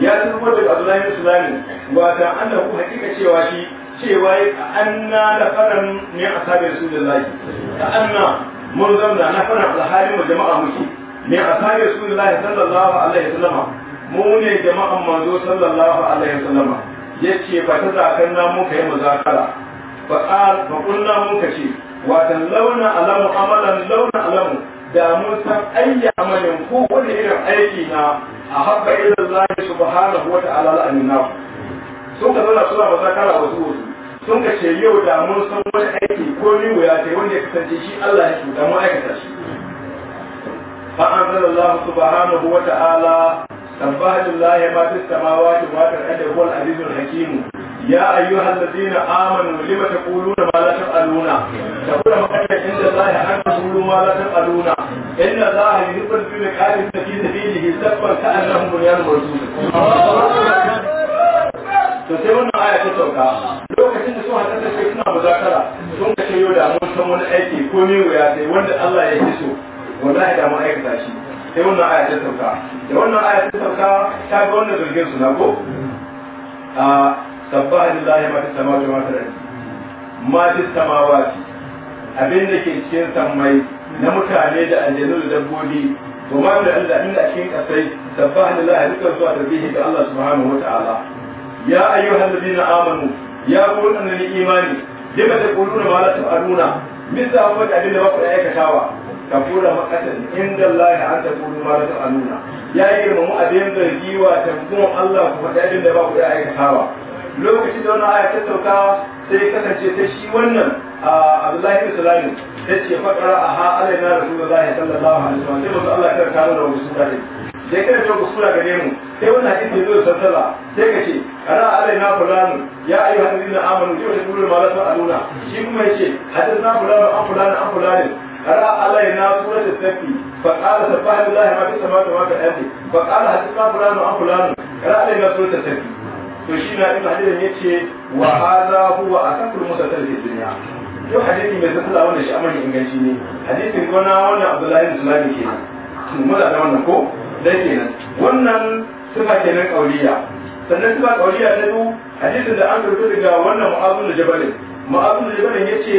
ya tabbatar da Abdullahi bin Salami wato annahu hakika cewa shi cewa anna lafaran su da rasulillahi ta anna mun zanna lafaran alhalin jama'a muke min ashabi rasulullahi sallallahu alaihi wasallam mu ne jama'an manzo sallallahu alaihi wasallam yace ba ta zakan nan muka yi muzakara fa qal fa kunna muka ce watan launa alamu amalan launa alamu da mun san ayya amalin ko wani irin aiki na a habba ila Allah subhanahu wa ta'ala al-anna sun ka zauna suna muzakara wasu wasu sun ka ce yau da mun san wani aiki ko ni wuya ce wanda ya kasance shi Allah ya cuta mu aikata shi فأنزل الله سبحانه وتعالى سبح لله ما في السماوات وما في الأرض هو العزيز الحكيم يا أيها الذين آمنوا لم تقولون ما لا تفعلون تقول مكة عند الله أن تقولوا ما لا تفعلون إن الله يحب الذين كانوا في سبيله سبا كأنهم بنيان مرسول to sai wannan aya ta sauka lokacin da sun haɗa da suna muzakara sun kace yau da mun san wani aiki ko me wuya sai wanda Allah ya fi so wallahi da mun aikata shi sai wannan aya ta sauka da wannan aya ta sauka ta ga wannan zargin su na ko a sabbaha lillahi ma fis samawati wa ma fil ardi ma fis samawati abin da ke cikin sammai na mutane da aljanu da dabbobi to ma da Allah inda a cikin kasai sabbaha lillahi dukkan zuwa tarbihi da Allah subhanahu wa ta'ala ya ayyuhal ladina amanu ya ku wannan imani lima taquluna ma la tafaluna min da abin da ba ku aikatawa kafura makatan inda Allah ya an taqulu ma la ya yi mu abin da giwa ta kuma Allah ku faɗa abin da ba ku da aikatawa lokacin da wannan aya ta sauka sai kasance ta shi wannan Abdullahi bin Sulaiman yace faqara aha alaina rasulullahi sallallahu alaihi wasallam sai mutum Allah ya karanta da wasu dare sai kada ta kusura gare mu sai wannan hadisi zai sassala sai ka ce ana na fulani ya ayyuhan na amanu yau da dole ma a nuna. shi kuma yace hadisi na fulani an fulani an fulani قرأ علينا سورة التكي فقال سبحان الله ما في السماوات وما في الأرض فقال حدثنا فلان عن فلان قرأ علينا سورة التكي to shi na ibn hadirin ne ce wa hadha huwa akakul musalsal fi dunya yau hadisi mai salsala wannan shi amani inganci ne hadisin gona wannan abdullahi sulami ke to mu da wannan ko dai kenan wannan sifa kenan kauliya sannan sifa kauliya na du hadisin da an rubuta daga wannan mu'azzu da jabalin ma'azu da bane yace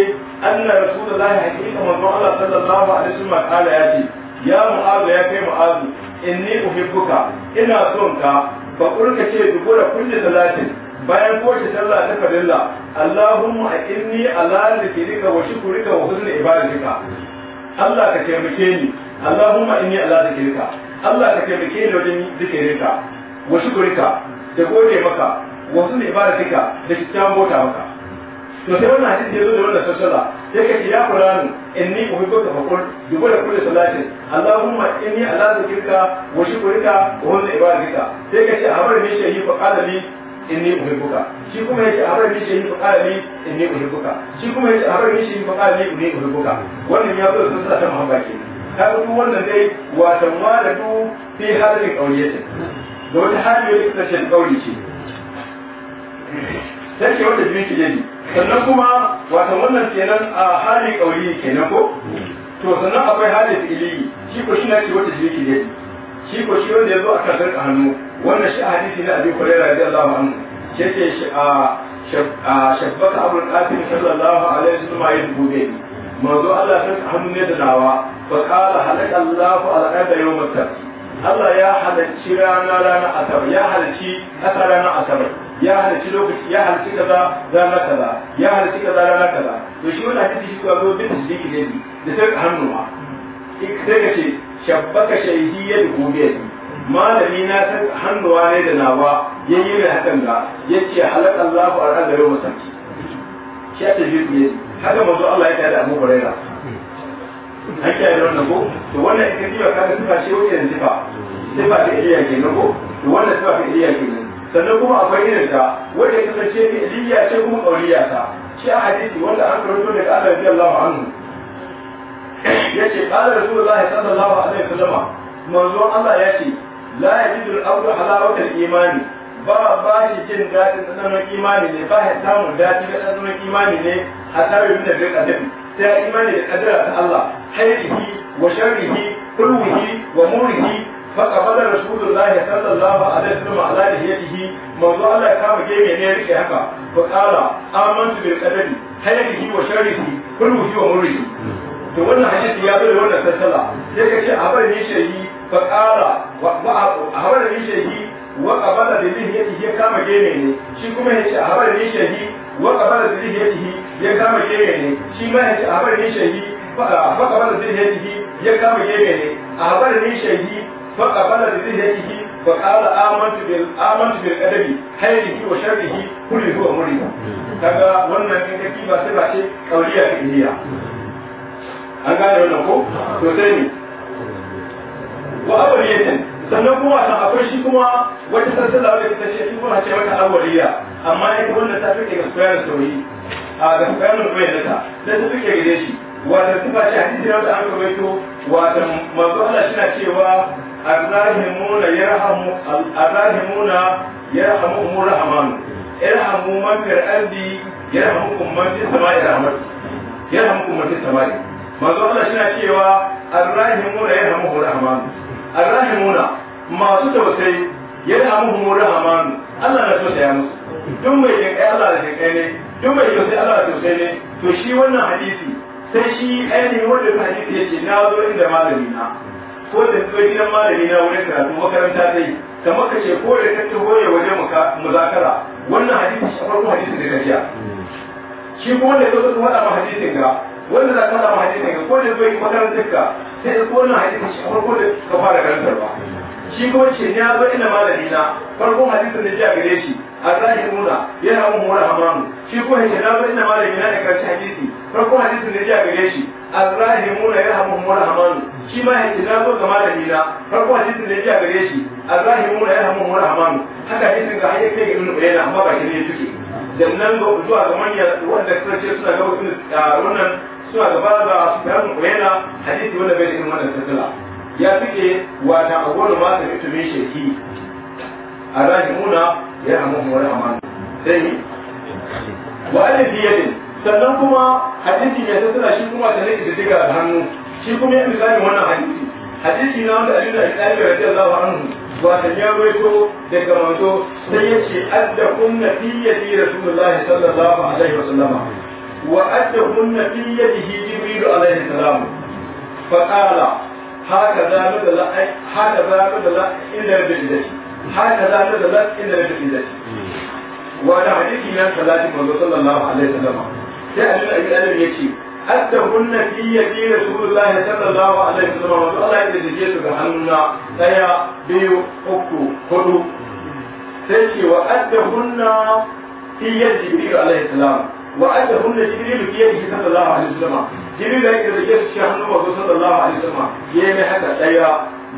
anna rasulullahi hakika manzon Allah sallallahu alaihi wasallam kala yace ya mu'azu ya kai mu'azu inni uhibbuka ina son ka fa kurka ce dubura kulli salatin bayan kowace sallah ta fadilla Allahumma aqimni ala dhikrika wa shukrika wa husni ibadatika Allah ka taimake ni Allahumma inni ala dhikrika Allah ka taimake ni wajen zikirinka wa shukrika da gode maka wa husni ibadatika da kyakkyawan bauta maka to sai wannan hadisi ya zo da wannan sassala sai ka ce ya qur'anu inni uhibbuka fa qul dubu da kulle salatin allahumma inni ala zikrika wa shukrika wa husni ibadatika sai ka ce abar mi shayi fa qala li inni uhibbuka shi kuma yace abar mi shayi fa qala li inni uhibbuka shi kuma yace abar mi shayi fa qala li inni uhibbuka wannan ya zo da sassala ta muhammad ke ka duk wannan dai watan waladu fi halin qawliyatin da wata hali ya da take kauli ce dan wanda biyu ke yi sannan kuma wata wannan kenan a hali kauri kenan ko to sannan akwai hali fi'ili shi ko shi na ce wanda biyu ke yi shi ko shi wanda ya zo aka sarka hannu wannan shi a hadisi na abin kwarewa da Allah anhu ke ce shi a shabbaka abul qasim sallallahu alaihi wasallam ya dubbe ni manzo Allah sarka hannu ne da nawa fa qala halaka Allah al-arda yawm al Allah ya halarci rana rana asabar ya halarci rana asabar ya halarci lokaci ya halarci kaza rana kaza ya halarci kaza rana kaza to shi wannan hadisi shi ko bin sidiki ne da sai hannuwa sai ka ce shabbaka shahidiyya da gobe malami na san wa ne da nawa ya yi mai hakan da ya ce Allah Allahu ar'an da yau masarki shi ta ji ne haka mazu Allah ya ta da Abu Huraira an kiyaye da wannan ko to wannan ita ce ka ka sifa ce wajen sifa sifa da iyaye ne ko to wannan sifa ta iya ne sannan kuma akwai irin ta wanda ya kasance liya ce kuma ƙauriya ta shi a hadisi wanda an karanto daga Allah radiyallahu anhu yace qala rasulullahi sallallahu alaihi wasallam manzo Allah ya yace la yajidu al-abdu halawata al-imani ba ba shi jin daɗin tsananin imani ne ba ya samu dadi da tsananin imani ne a tare da bin adam Ta imani da kadara ta Allah khairihi wa sharrihi kullihi wa murhi فقبل رسول الله صلى الله عليه وسلم على لحيته موضوع الله كما جيمي ne rike haka فقال آمنت بالقدر خيره وشره كله ومره to wannan hadisi ya zo da wannan sassala sai ka ce habar ne fa qala wa habar ne shayi wa qabala bi lihiyatihi ya kama gene ne shi kuma ya ce habar ne shayi wa qabala bi lihiyatihi ya kama gene ne shi ma ya ce habar ne fa qabala bi lihiyatihi ya kama gene ne فقبل بذهنه وقال آمنت بال آمنت بالأدب خيره وشره كله هو مريض kaga wannan in ba sai ba ce kauliya ta indiya an ko to sai ne wa sannan kuma san akwai shi kuma wata salsala da ta ce in kuma ce mata awliya amma in wanda ta fike ga da sauri a ga suyar da ta da ta fike gare shi wata ce hadisi an kawaito wata cewa الراحمون يرحم الراحمون يرحمهم الرحمن ارحموا من في الارض يرحمكم من في السماء رحمتي يرحمكم من في السماء manzo Allah shi na cewa arrahimuna yarhamuhu rahman arrahimuna masu tausayi yarhamuhu rahman Allah na tausaya musu duk mai kai Allah da jin ne duk mai tausayi Allah da tausayi ne to shi wannan hadisi sai shi ainihin wannan hadisi yake na zo inda malami na ko da kai gidan malami na wurin karatu makaranta dai kamar ka ce ko da kake goye waje waje muzakara wannan hadisi shi farko hadisi da gaskiya shi ko wanda kake kuma da hadisin ga wanda za ka da hadisin ga ko da kai makaranta ka sai ko wannan hadisi shi farko da ka fara karantarwa shi kuma ce ya zo inda malami na farko hadisin da jiya gare shi a muna yana mun mura hamamu shi kuma ce na zo inda malami na da karshe hadisi farko hadisin da jiya gare shi a muna yana mun mura hamamu shi ma ya ce na zo ga malami na hadisin da jiya gare shi a muna yana mun mura hamamu haka hadisin ga kai ga ibnu bayyana amma ba shi ne yake nan ga zuwa ga manya wanda suka ce suna ga wannan suna gaba da su bayan kuyena hadisi wanda bai da wannan tattala ya fice wata a awwal ma ta mutu min shirki arrahimuna ya amuhu wani rahman sai wa alifi yadin sannan kuma hadisi mai tattara shi kuma ta nake diga da hannu shi kuma ya misali wannan hadisi hadisi na wanda Ali da Abi Talib radiyallahu anhu hannu ta ya rawaito daga masu sai ya ce addakum nabiyyati rasulullahi sallallahu alaihi sallama. wa addakum nabiyyati jibril alaihi salam fa haka za mu da haka za mu da inda da bidati haka za mu da inda da bidati wa da hadisi ya salati manzo sallallahu alaihi wasallam sai annabi abi adam yace hatta kunna fi yadi rasulullahi sallallahu alaihi wasallam Allah ya dace su ga hannuna daya biyu uku hudu sai ce wa adda hunna fi yadi jibril alaihi salam wa adda hunna jibril fi yadi sallallahu alaihi wasallam jini da yake zake cikin hannun wasu sallallahu alaihi wasallam ya mai haka ɗaya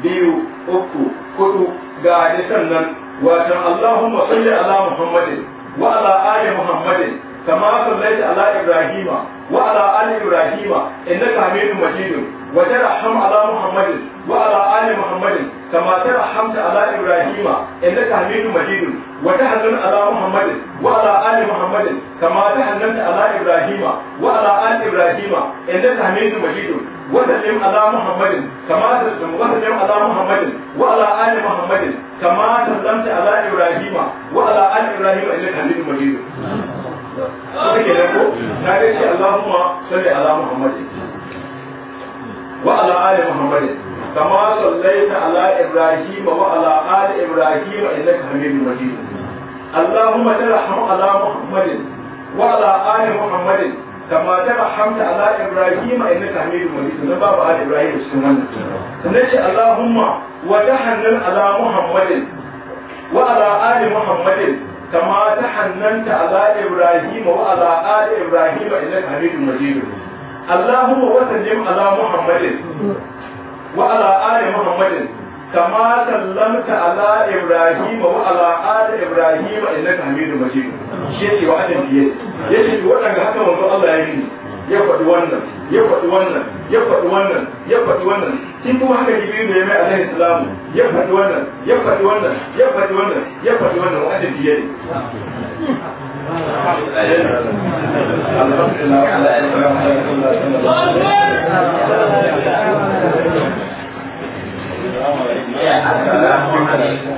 biyu uku hudu ga adisan nan watan Allahumma salli ala Muhammadin wa ala ali Muhammadin كما صليت على إبراهيم وعلى آل إبراهيم إنك حميد مجيد وترحم على محمد وعلى آل محمد كما ترحمت على إبراهيم إنك حميد مجيد وتحنن على محمد وعلى آل محمد كما تحننت على إبراهيم وعلى آل إبراهيم إنك حميد مجيد وسلم على محمد كما وسلم على محمد وعلى آل محمد كما سلمت على إبراهيم وعلى آل إبراهيم إنك حميد مجيد suka ke ko na dai ce Allahumma salli ala Muhammadin wa ala ali Muhammadin kama sallaita ala Ibrahim wa ala ali Ibrahim innaka Hamidum Majid Allahumma tarham ala Muhammadin wa ala ali Muhammadin kama tarhamta ala Ibrahim innaka Hamidum Majid na babu ali Ibrahim sunan sannan ce Allahumma wa tahannal ala Muhammadin wa ala ali Muhammadin kama ta hannanta Allah Ibrahim wa ala ali Ibrahim innaka Hamidum Majid Allahumma wa sallim ala Muhammadin wa ala ali Muhammadin kama ala Ibrahim wa ala ali Ibrahim innaka Hamidum Majid shi wa adam biye yace duk wannan ga haka manzo Allah ya yi ya faɗi wannan ya faɗi wannan ya faɗi wannan ya faɗi wannan shi kuma haka jibril ya mai alaihi salamu ya faɗi wannan ya faɗi wannan ya faɗi wannan ya faɗi wannan wanda biye ne Assalamu alaikum.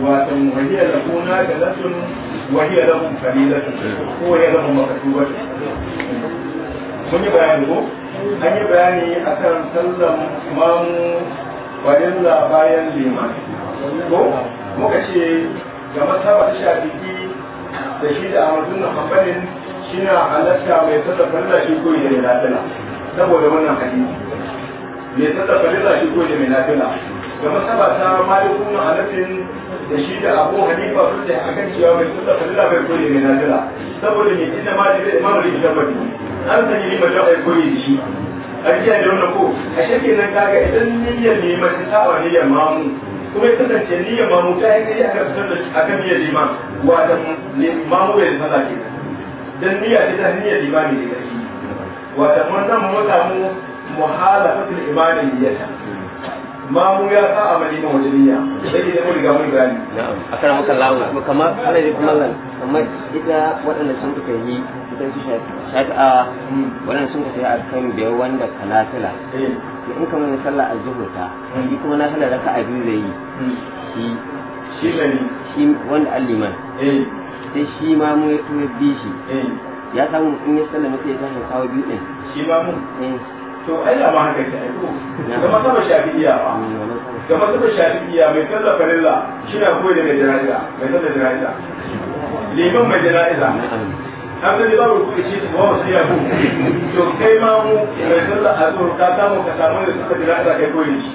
watan wahiyar da kuna da lasun wahiyar da mun kalilatun ko wahiyar da mun makatubatun mun yi bayani ko an yi bayani akan sallan mamu bayan bayan liman ko muka ce ga masaba ta shafiki da shi da amurdun na hambalin shi na halatta mai sallar farilla shi koyi da mai saboda wannan hadisi mai sallar farilla shi koyi da mai ga masaba ta maliku ma'anafin da shi da abu hanifa sun da akan cewa mai sunna fadila bai koyi mai nazila saboda mai inda ma jibe imamu da ita bari an sanya ni mace ai koyi da shi an ji da wannan ko a shekin nan kaga idan niyyar ne mace ta wa niyyar mamu kuma ya kasance niyyar mamu ta yi kai akan fitar da akan niyyar liman wata mamu bai sallah ke dan niyya ta niyyar limani ne wa wata mun nan mu samu muhalafatul ibadiyyah mamu ya sa a madina wajen niyya sai da mun riga mun gani na'am akara maka lawo kamar ana da kuma lan kamar ita waɗanda sun ka yi idan su shafi'a waɗanda sun ka yi arkan biyar wanda kalatila eh. in kamar yin sallah aljuhur ta hmm. shi kuma na sallah raka'a biyu zai yi hmm. shi shi wanda alliman eh. sai shi ma mu ya tuwa bi shi eh. ya samu in ya sallama sai ya tashi kawo biyu ɗin shi ma mu to ai da ma haka ce aiko ga masaba shafi'iya ba ga shafi iya mai sallar farilla shi na koyi da mai jana'iza mai sallar jana'iza liman mai jana'iza an ga liman rukuni shi kuma wasu ya bu to kai ma mu mai sallar azur ka samu ka samu da suka jana'iza kai koyi shi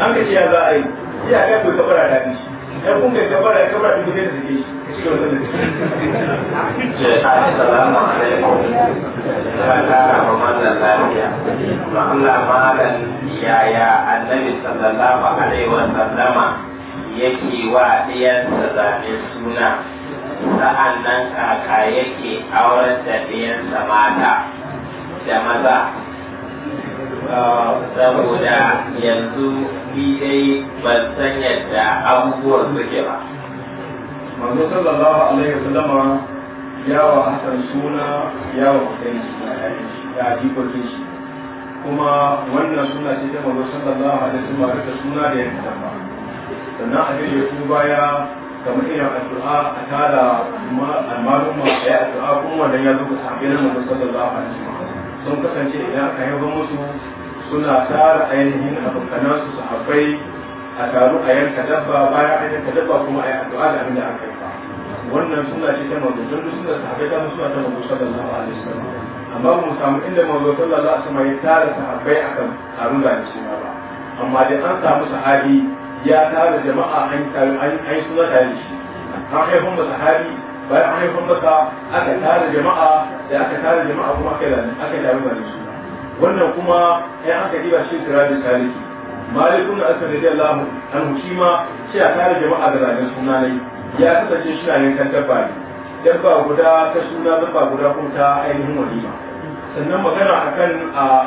an ka ce ya za a yi iya kai ko kabara da shi dan kun kai kabara kabara da kike da shi Assalamu alaikum. Sallallahu alaihi lafiya. yaya annabi sallallahu alaihi wa sallama yake wa ɗiyansa zaɓen suna sa'an nan kaka yake auren da ɗiyansa mata da maza saboda yanzu ni dai ban san yadda abubuwan suke ba. manzo sallallahu alaihi wasallama yawa hasan suna yawa husaini suna ya jikokin shi kuma wannan suna ce ta manzo sallallahu alaihi wasallama duka suna da ya tafa sannan a ya su baya kamar irin addu'a a tara almaruma a yi addu'a kuma wannan ya zo ga sahabbai na manzo sallallahu alaihi wasallama sun kasance idan aka haifar musu suna tara ainihin abokanansu sahabbai a taru a yanka dabba bayan a yanka dabba kuma a yi addu'a da abin da aka yi wannan suna ce ta manzo don duk suna sahabbai ta suna ta manzo sallallahu alaihi wasallam amma mu samu inda manzo sallallahu alaihi wasallam ya tara sahabbai akan taru da shi ba amma dai an samu sahabi ya tara jama'a an taru an yi suna tare shi an haifan masa sahabi bayan an haifan masa aka tara jama'a da aka tara jama'a kuma aka yi aka taru da shi wannan kuma ai aka diba shi sirajin saliki malik ibn asad radiyallahu anhu shi ma shi a tare jama'a da ranar suna ne ya kasance shi ne kan dabba ne dabba guda ta suna dabba guda kuma ta ainihin walima sannan magana akan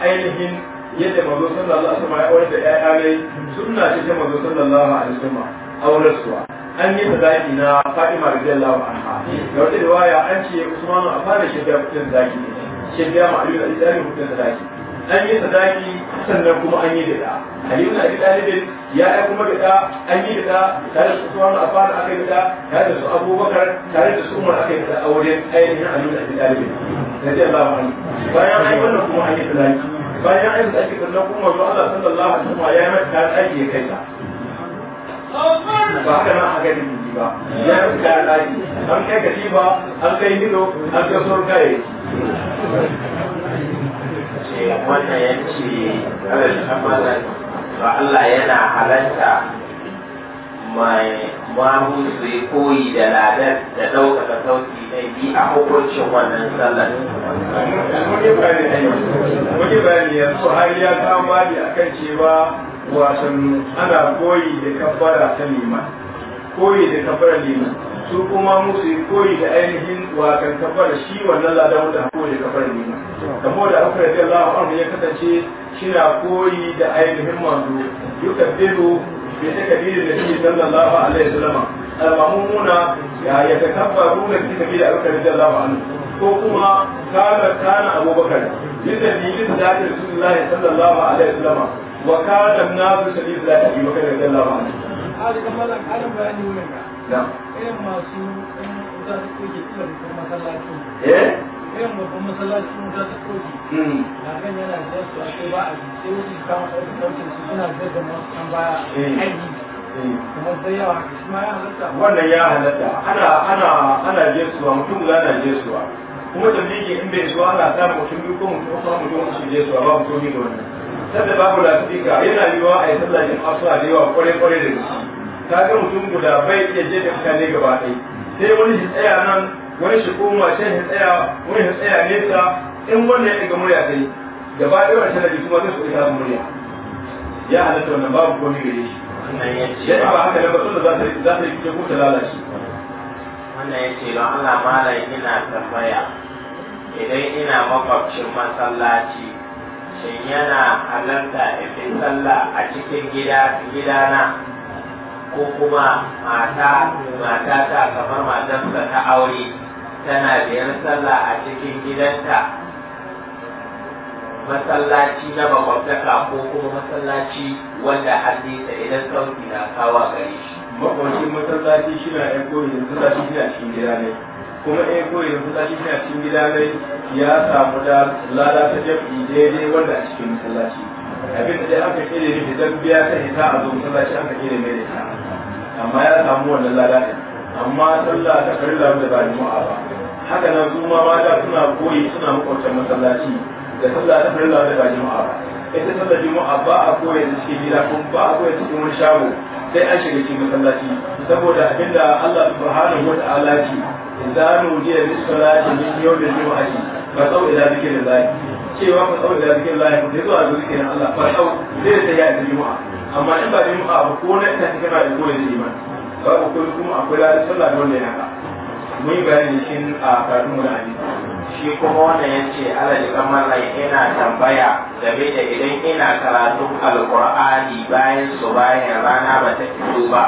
ainihin yadda manzo sallallahu alaihi wasallam ya aure da ƴaƴa ne sunna ce ta manzo sallallahu alaihi wasallam auren suwa an yi zaki na Fatima radiyallahu anha da wata riwaya an ce Usman a fara shiga mutum zaki ne shiga ma'alul da islam mutum zaki an yi sadaki sannan kuma an yi bid'a Ali ibn Abi Talib ya yi kuma bid'a an yi bid'a tare da Usman Affan aka yi bid'a tare da su Abubakar tare da su Umar aka yi bid'a auren ainihin Ali ibn Abi Talib radiyallahu anhu bayan ai wannan kuma an yi sadaki bayan ai sadaki sannan kuma manzo Allah sallallahu alaihi wasallam ya yi mata tare aiki ya kai ta ba haka nan aka yi ba ya yi tare aiki an kai katiba an kai nido an kai sauran kayayyaki wannan ya ce to Allah yana halatta mai mahu zai koyi da ladar da ɗaukaka sauki na bi a hukuncin wannan sallar. Wani bayani yanzu har ya kama ne akan cewa wasan ana koyi da kabbara ta liman. Koyi da kabbara liman. su kuma musu koyi da ainihin wakan kafara shi wannan ladan wanda ko da kafar ne kamar da aka rage Allah an ya kasance shi na koyi da ainihin manzo yukaddiru bi takdirin da shi sallallahu alaihi wasallam al-mamuna ya yatakabbaru da shi da aka rage Allah an ko kuma kana kana Abubakar yadda dalilin da ta Rasulullah sallallahu alaihi wasallam wa kana nasu sallallahu alaihi wasallam wa kana Allah an. Hadi kamar alam bayani wannan. Na'am. irin masu wuta ta koke kila babban masallaci eh irin babban masallaci wuta ta koke hmm. na kan yana biyar su akwai ba a sai wasu kama ɗauki ɗaukin su suna biyar da masu kan baya hmm. aiki hmm. kamar da yawa shi ma ya halatta wannan ya halatta ana ana ana jesuwa mutum guda na jesuwa kuma da miji in bai zuwa ana samun mutum biyu ko mutum uku mutum uku su jesuwa babu komi da wannan sadda babu lafiya yana yiwuwa a yi sallah asuwa da yawa kwarai kwarai da gaske kaga mutum guda bai iya je da mutane gaba ɗaya sai wani shi tsaya nan wani shi kuma sai shi tsaya wani shi tsaya nesa in wanda ya ɗaga murya sai gaba ɗaya wani sanadi kuma sai su ɗaga murya ya halatta wannan babu komai gare shi ya ba haka da batun da za ta za ta rike ko ta lalace wannan ya ce don Allah mala ina tambaya idan ina makwabcin masallaci shin yana halarta in sallah a cikin gida gidana ko kuma mata mata ta kamar matarsa ta aure tana biyar sallah a cikin gidanta masallaci na makwabtaka ko kuma masallaci wanda hadisa idan sauki na kawa gare shi makwabcin masallaci shi na yan koyi masallaci shi a cikin gida ne kuma yan koyi masallaci shi a cikin gida ne ya samu da lada ta jam'i daidai wanda a cikin masallaci abin da dai aka kire ne da biya ta hita a zo, zuwa sallah shi aka kire mai ita amma ya samu wannan lada amma sallah ta farilla da ba juma'a ba haka nan su ma mata suna koyi suna makwabcin masallaci da sallah ta farilla da ba juma'a ba ita sallar juma'a ba a koyar da cikin gida kuma ba a koya cikin wani shago sai an shiga cikin masallaci saboda abinda Allah subhanahu wa ta'ala ce idza nudiya bis salati min yawmil jum'ati fa saw ila dhikrillah cewa ku tsawon da zikin lahi da zuwa da zikin Allah ba tsau zai ta ya da juma'a amma in ba da juma'a ba ko na ina cikin da ko da iman ba ku kuma kuma akwai da sallah dole ne haka mun yi bayani shi a karatun mu na hadisi shi kuma wannan yace Allah ya kammala ina tambaya game da idan ina karatun alqur'ani bayan su bayan rana ba ta fito ba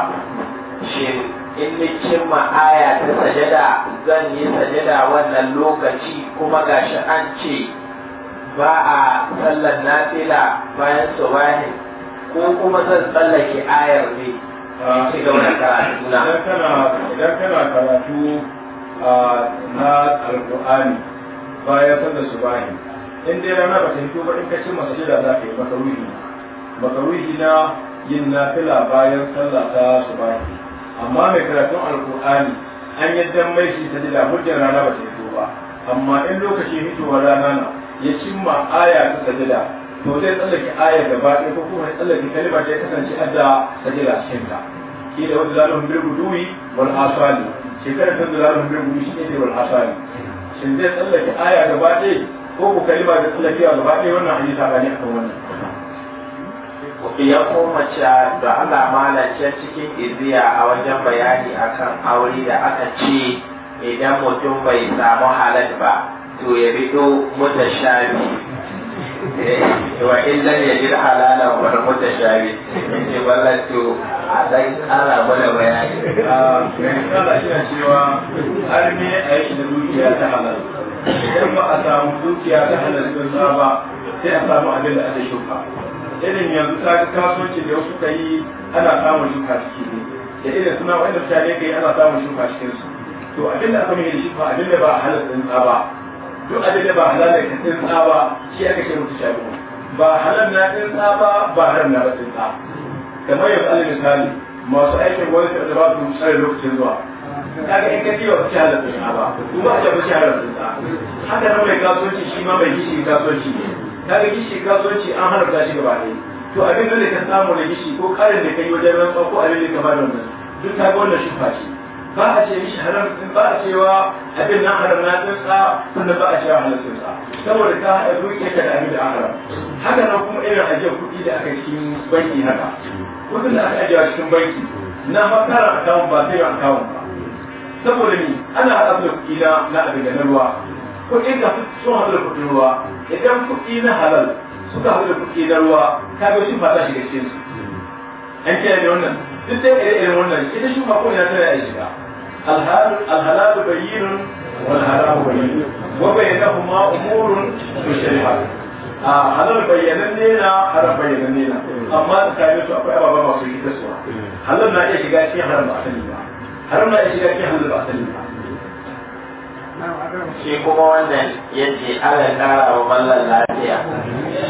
shin in ni cimma aya ta sajada zan yi sajada wannan lokaci kuma gashi an ce ba a sallar nafila bayan su subahi ko kuma zan tsallake ayar ne ci gaba da karatu idan kana karatu na alqur'ani bayan sallar subahi in dai rana ba ta hito ba in ka ci masjida za ka yi makaruhi makaruhi na yin nafila bayan sallah ta subahi amma mai karatun alqur'ani an yadda mai shi ta jira hujjar rana ba ta hito ba amma in lokaci hitowar rana na ya cimma aya ta sajida to zai tsallake aya gaba ɗaya ko kuma ya tsallake kalma da kasance a da sajida cikin ta da wanda zalun bil guduwi wal asali shekarar ta zalun bil guduwi shi ne wal asali shin zai tsallake aya gaba ɗaya ko ku kalma da tsallakewa gaba ɗaya wannan hadisi ta gani akan wannan ya koma cewa da Allah malace cikin iziya a wajen bayani akan aure da aka ce idan mutum bai samu halal ba to ya fito mutashari eh, wa illan ya jira halala wa mutashari ce balla to a dan kara mana bayani a ah, eh, kana cewa har me yi da dukiya ta halal idan ba a samu dukiya ta halal din ba sai a samu abin da aka shuka irin yanzu ta kasuwanci da wasu ka yi ana samun shuka ciki ne da irin suna wanda mutane ka yi ana samun shuka cikinsu, to abin da aka mai da shi ba abin da ba a halal din ba duk abin da ba halal ne tsintsa ba shi aka ce mutu shago ba halal na tsintsa ba ba haram na ba tsintsa kamar yau alal misali masu aikin wani da ba su tsare lokacin zuwa kaga in kace ba ci halal tsintsa ba kuma a ce ba ci halal tsintsa haka nan mai kasuwanci shi ma mai gishi kasuwanci ne kaga gishi kasuwanci an haramta shi gaba ɗaya to abin da ka samu da gishi ko karin da ka kai wajen rantsuwa ko abin da ka ba da wannan duk ta ga shi shufa ba a ce mishi halar ba a cewa abin nan haram na tsotsa sannan ba a cewa halar tsotsa saboda ta haɗa dukiya da abin da haram haka nan kuma irin ajiyar kuɗi da aka cikin banki haka kuɗin da aka ajiye cikin banki na makara akawun ba zai akawun ba saboda ni ana haɗa da kuɗi na na abin da na ruwa kuɗin da sun haɗu da kuɗin ruwa idan kuɗi na halal suka haɗu da kuɗi na ruwa ka ga shi ba za shi gaske su an kiyaye wannan duk da irin wannan ita shi ba ko ina tana ya shiga الحلال بين والحرام بين وبينهما امور مشتبهه halal bayyananne na haram bayyananne na amma tsakanin su akwai ababa masu yi da suwa halal na iya shiga cikin haram ba sani ba haram na iya shiga cikin halal ba sani ba shi kuma wannan yace Allah kara wa mallan lafiya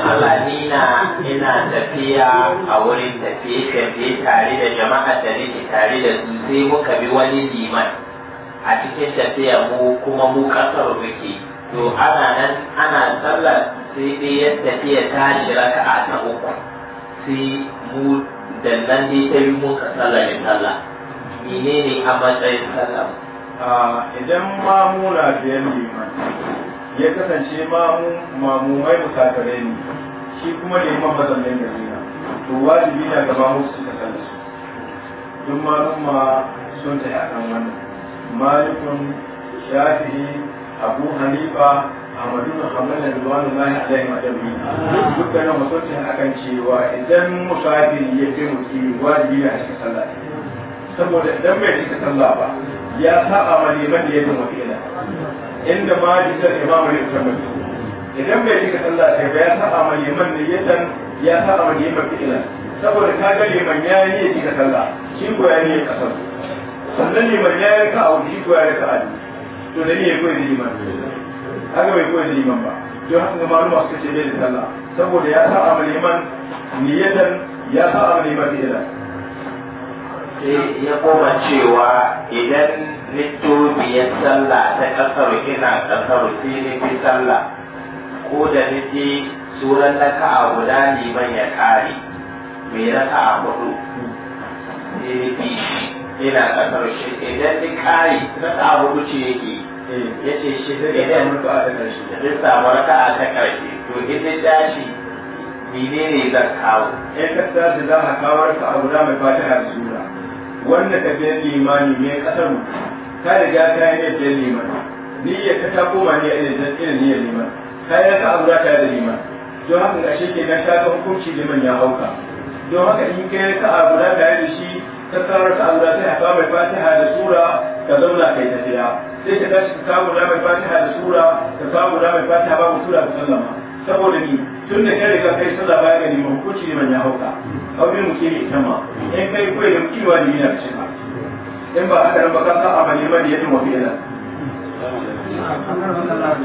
Allah ni ina tafiya a wurin tafiye tafiye tare da jama'a da nake tare da su sai muka bi wani liman a cikin tafiya mu kuma mu kasar muke to ana nan ana sallar sai dai ya tafiya ka a ta uku sai mu dandan dai ta yi muka sallar sallah menene a matsayin mu idan mamuna biyar liman ya kasance mamu, mamumai musakarai ne shi kuma liman mazaunin gari zina. to wajibi na gaba musu suka san su duk malumma sun tafi a kan wannan malikun Shafi, abu hanifa ahmadu bin hanbal da ruwan lahi alaihi wa jami'i dukkanin musulcin akan cewa idan musafiri ya fi mutsi wajibi na cikin sallah saboda idan bai cika sallah ba ya saba ma liman da ya kan wakila inda ma jisar imamu ne ta mutu idan bai cika sallah sai ba ya saba ma liman da ya san ya saba ma liman fi'ila saboda ka ga liman ya yi ya cika sallah shi ko ya yi kasar sannan liman ya yi ka a shi ko ya yi ka aji to da ni ya koyi da liman haka bai koyi da liman ba don haka ga malu masu kace bai da sallah saboda ya saba ma liman niyyatan ya saba ma liman fi'ila sai ya koma cewa idan biyar sallah ta kasar ina kasar sai ni fi sallah ko da nake suran raka a guda neman ya kare mai raka a hudu sai ni fi ina kasar shi idan ni kare raka a hudu ce yake eh, ya ce shi zai idan mutu a ta karshe zai samu raka a ta karshe to idan tashi ne zan kawo ya ka tashi za a kawar ka a guda mai fata a sura wanda ka biyan limani mai kasaru ka riga ka yi biyar liman niyyar ka ta koma ne irin niyyar liman ka yi raka abu za ta da liman don haka ga shi kenan ka ga hukunci liman ya hauka don haka in ka yi raka abu za ta da shi ka kawo raka abu za ta haka mai fatiha da sura ka zauna kai tafiya sai ka tashi ka kawo guda mai fatiha da sura ka kawo guda mai fatiha babu sura ka sallama saboda ni tun da ka riga kai sallah baya ga liman hukunci liman ya hauka kawai mu ke mai ma in kai koyi da kiwa a yana ce in ba haka nan ba ka a bane ba ne yadda wani ba Allah ya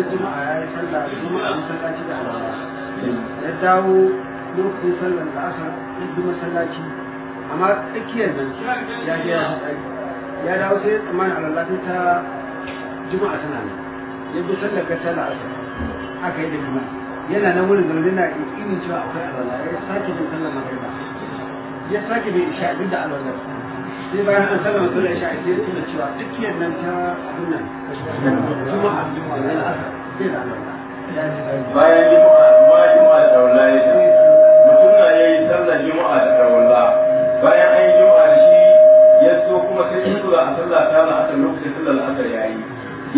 ya yi da dawo lokacin sallar da asar masallaci amma tsakiyar nan ya ya dawo sai ta juma'a tana nan ya bi sallar ga sallar asar aka yi da juma'a yana nan wurin garbi na ikinin cewa akwai alwala ya sake bin sallar magariba ya sake bin isha duk da alwala sai bayan an sallama sallar isha sai ya tuna cewa duk yannan ta abin nan juma'a juma'a na asar sai da alwala bayan juma'a bayan juma'a da alwala ya mutum na yayi sallar juma'a da alwala bayan an yi juma'a shi ya so kuma sai ya tura a sallah ta na asar lokacin sallar asar yayi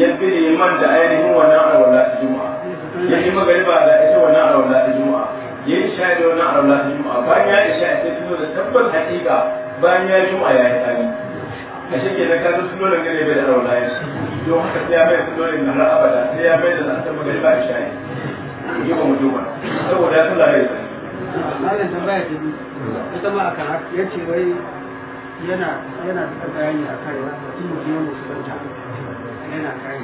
ya bi liman da ainihin wannan alwala ta juma'a ya yi magariba da ita wannan alwala ta juma'a ya yi isha da wannan alwala ta juma'a bayan ya isha ta tuno da tabbas hakika bayan ya juma'a ya yi tsani a shake na kasu tuno da gare bai da alwala ya don haka sai ya mai tuno da nahar abada sai ya mai da lantar magariba isha ya yi wa mutuma saboda ya tula ya yi tsani. Malam tambaya ta biyu, ita ma akan ya ce wai yana yana da bayani a kai ya mutum yana musulunta yana kai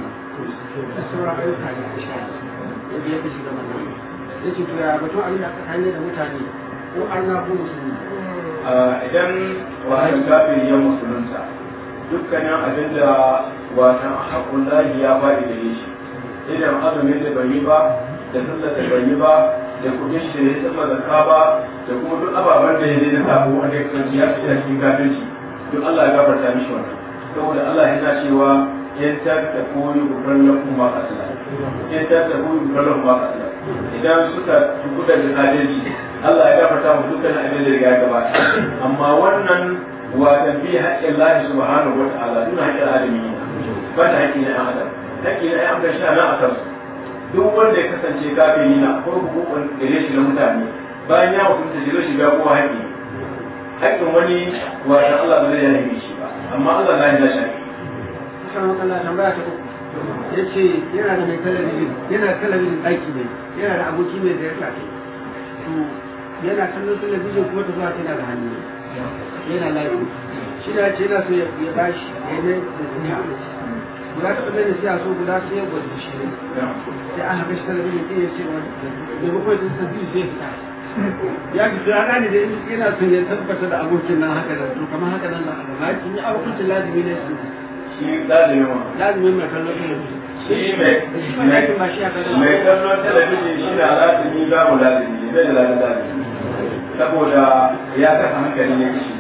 da sauran ayyuka ya ya ce to ya batun abin da da mutane ko musulmi idan wahal kafir ya musulunta dukkanin abin da watan lahi ya faɗi da shi idan azumin da bai yi ba da sallar da bai yi ba da kudin shi da ya tsamba zakka ba da kuma duk ababen da ya daina sabo wanda ya kasance ya fi cikin kafirci duk Allah ya gafarta mishi wannan saboda Allah yana cewa in ta ta koyi gurin lafin ba kasala in ta ta koyi gurin lafin ba kasala idan suka tuku da adalci Allah ya gafarta mu dukkan abin da ya gabata amma wannan wa tafi haƙƙin Allah subhanahu wa ta'ala dun haƙƙin adami ba ta haƙƙi na ɗan adam haƙƙi na ɗan adam shi na akan duk wanda ya kasance kafiri na ko hukukun gare shi na mutane bayan ya hukunta shi zai shiga kowa haƙƙi haƙƙin wani wa Allah ba zai yana shi ba amma Allah na ya shi kan Allah tambaya ta uku yace yana da mai talabijin yana talabijin daki ne yana da aboki mai da ya sace to yana kallon talabijin kuma ta zuwa tana da hannu yana layu shi da ce yana so ya bashi ya ne da duniya guda ta ɓalle da siya so guda sai ya gwada shi ne sai an haka shi talabijin ɗin ya ce wani da bakwai da sabbi zai fita ya fi rana ne da yana son ya tabbata da abokin nan haka nan to kamar haka nan na amma ya abokin kuncin lazimi ne su shi ɗalibin mu ɗalibin mai shi da saboda ya kasa hankali ne kishi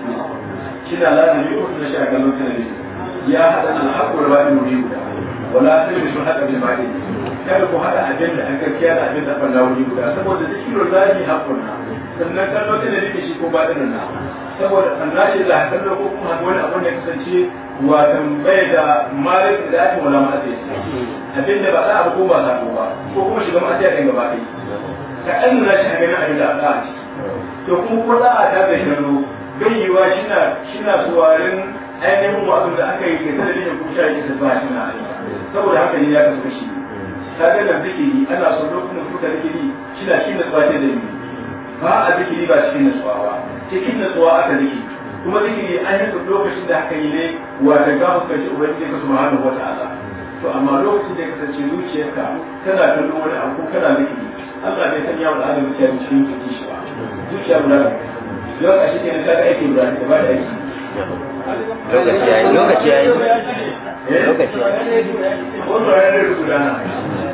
shi da lalini ko da shi a kallon talabijin ya hada da haƙƙo da baɗin wuri guda wala sai mu shi haɗa da baɗin kada ku haɗa abin da gaskiya da abin da ban wuri guda saboda zikirun lahi haƙƙo na sannan kallon talabijin shi ko baɗin na saboda sannan da hakan da ko kuma wani abu da kasance wa tambaye da malik da ake wala ma'azi abin da ba za a ko ba za ko ba ko kuma shiga ma'azi a kan gaba ɗaya ka ɗan nuna shi a ganin da aka ci to kuma ko za a tabe shanu bai yiwa shina shina suwarin ainihin wasu da aka yi ke sanadin ko sha yi ba shi na saboda haka ne ya kasu shi ta ga da zikiri ana son lokacin da kuka zikiri shina shi da tsawace da yi ba a zikiri ba cikin nasuwa ba cikin natsuwa aka zikiri kuma zikiri an yi lokacin da aka yi ne wa da gafu ka ji ubangiji ka subhanahu to amma lokacin da ya kasance zuciyarka tana kallon wani abu kana zikiri Allah bai sanya wa al'adar zuciya cikin jiki shi ba zuciya mu yau a ne ta aiki aikin da ba da aiki lokaci yayi lokaci yi lokaci yi eh?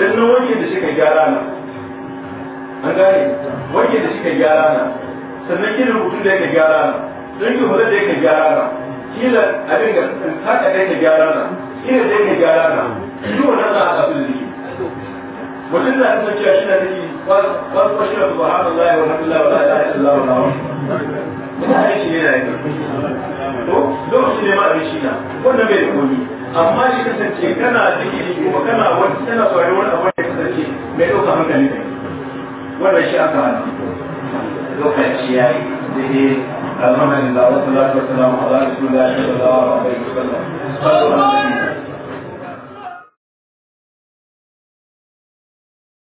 dan nan wanke da suka gyara na an gane wanke da suka gyara na sannan kin rubutun da yake gyara na don ki hore da yake gyara na kila abin ga haka da yake gyara na kila da yake gyara na duk wannan za a tafi da ziki mutum na kuma cewa shi na ziki wani kwashi da wa walhamdulillah wala ilaha illallah wallahu akbar ina aiki ne da yake ko lokacin ne abin shi na wannan bai da komi amma shi kasance kana zikiri kuma kana wani tana saurari wani abu da kasance mai ɗauka hankali ne wannan shi aka hana lokaci ya yi zai kalmar da wasu lafiya salamu ala rasulullah sallallahu alaihi wasallam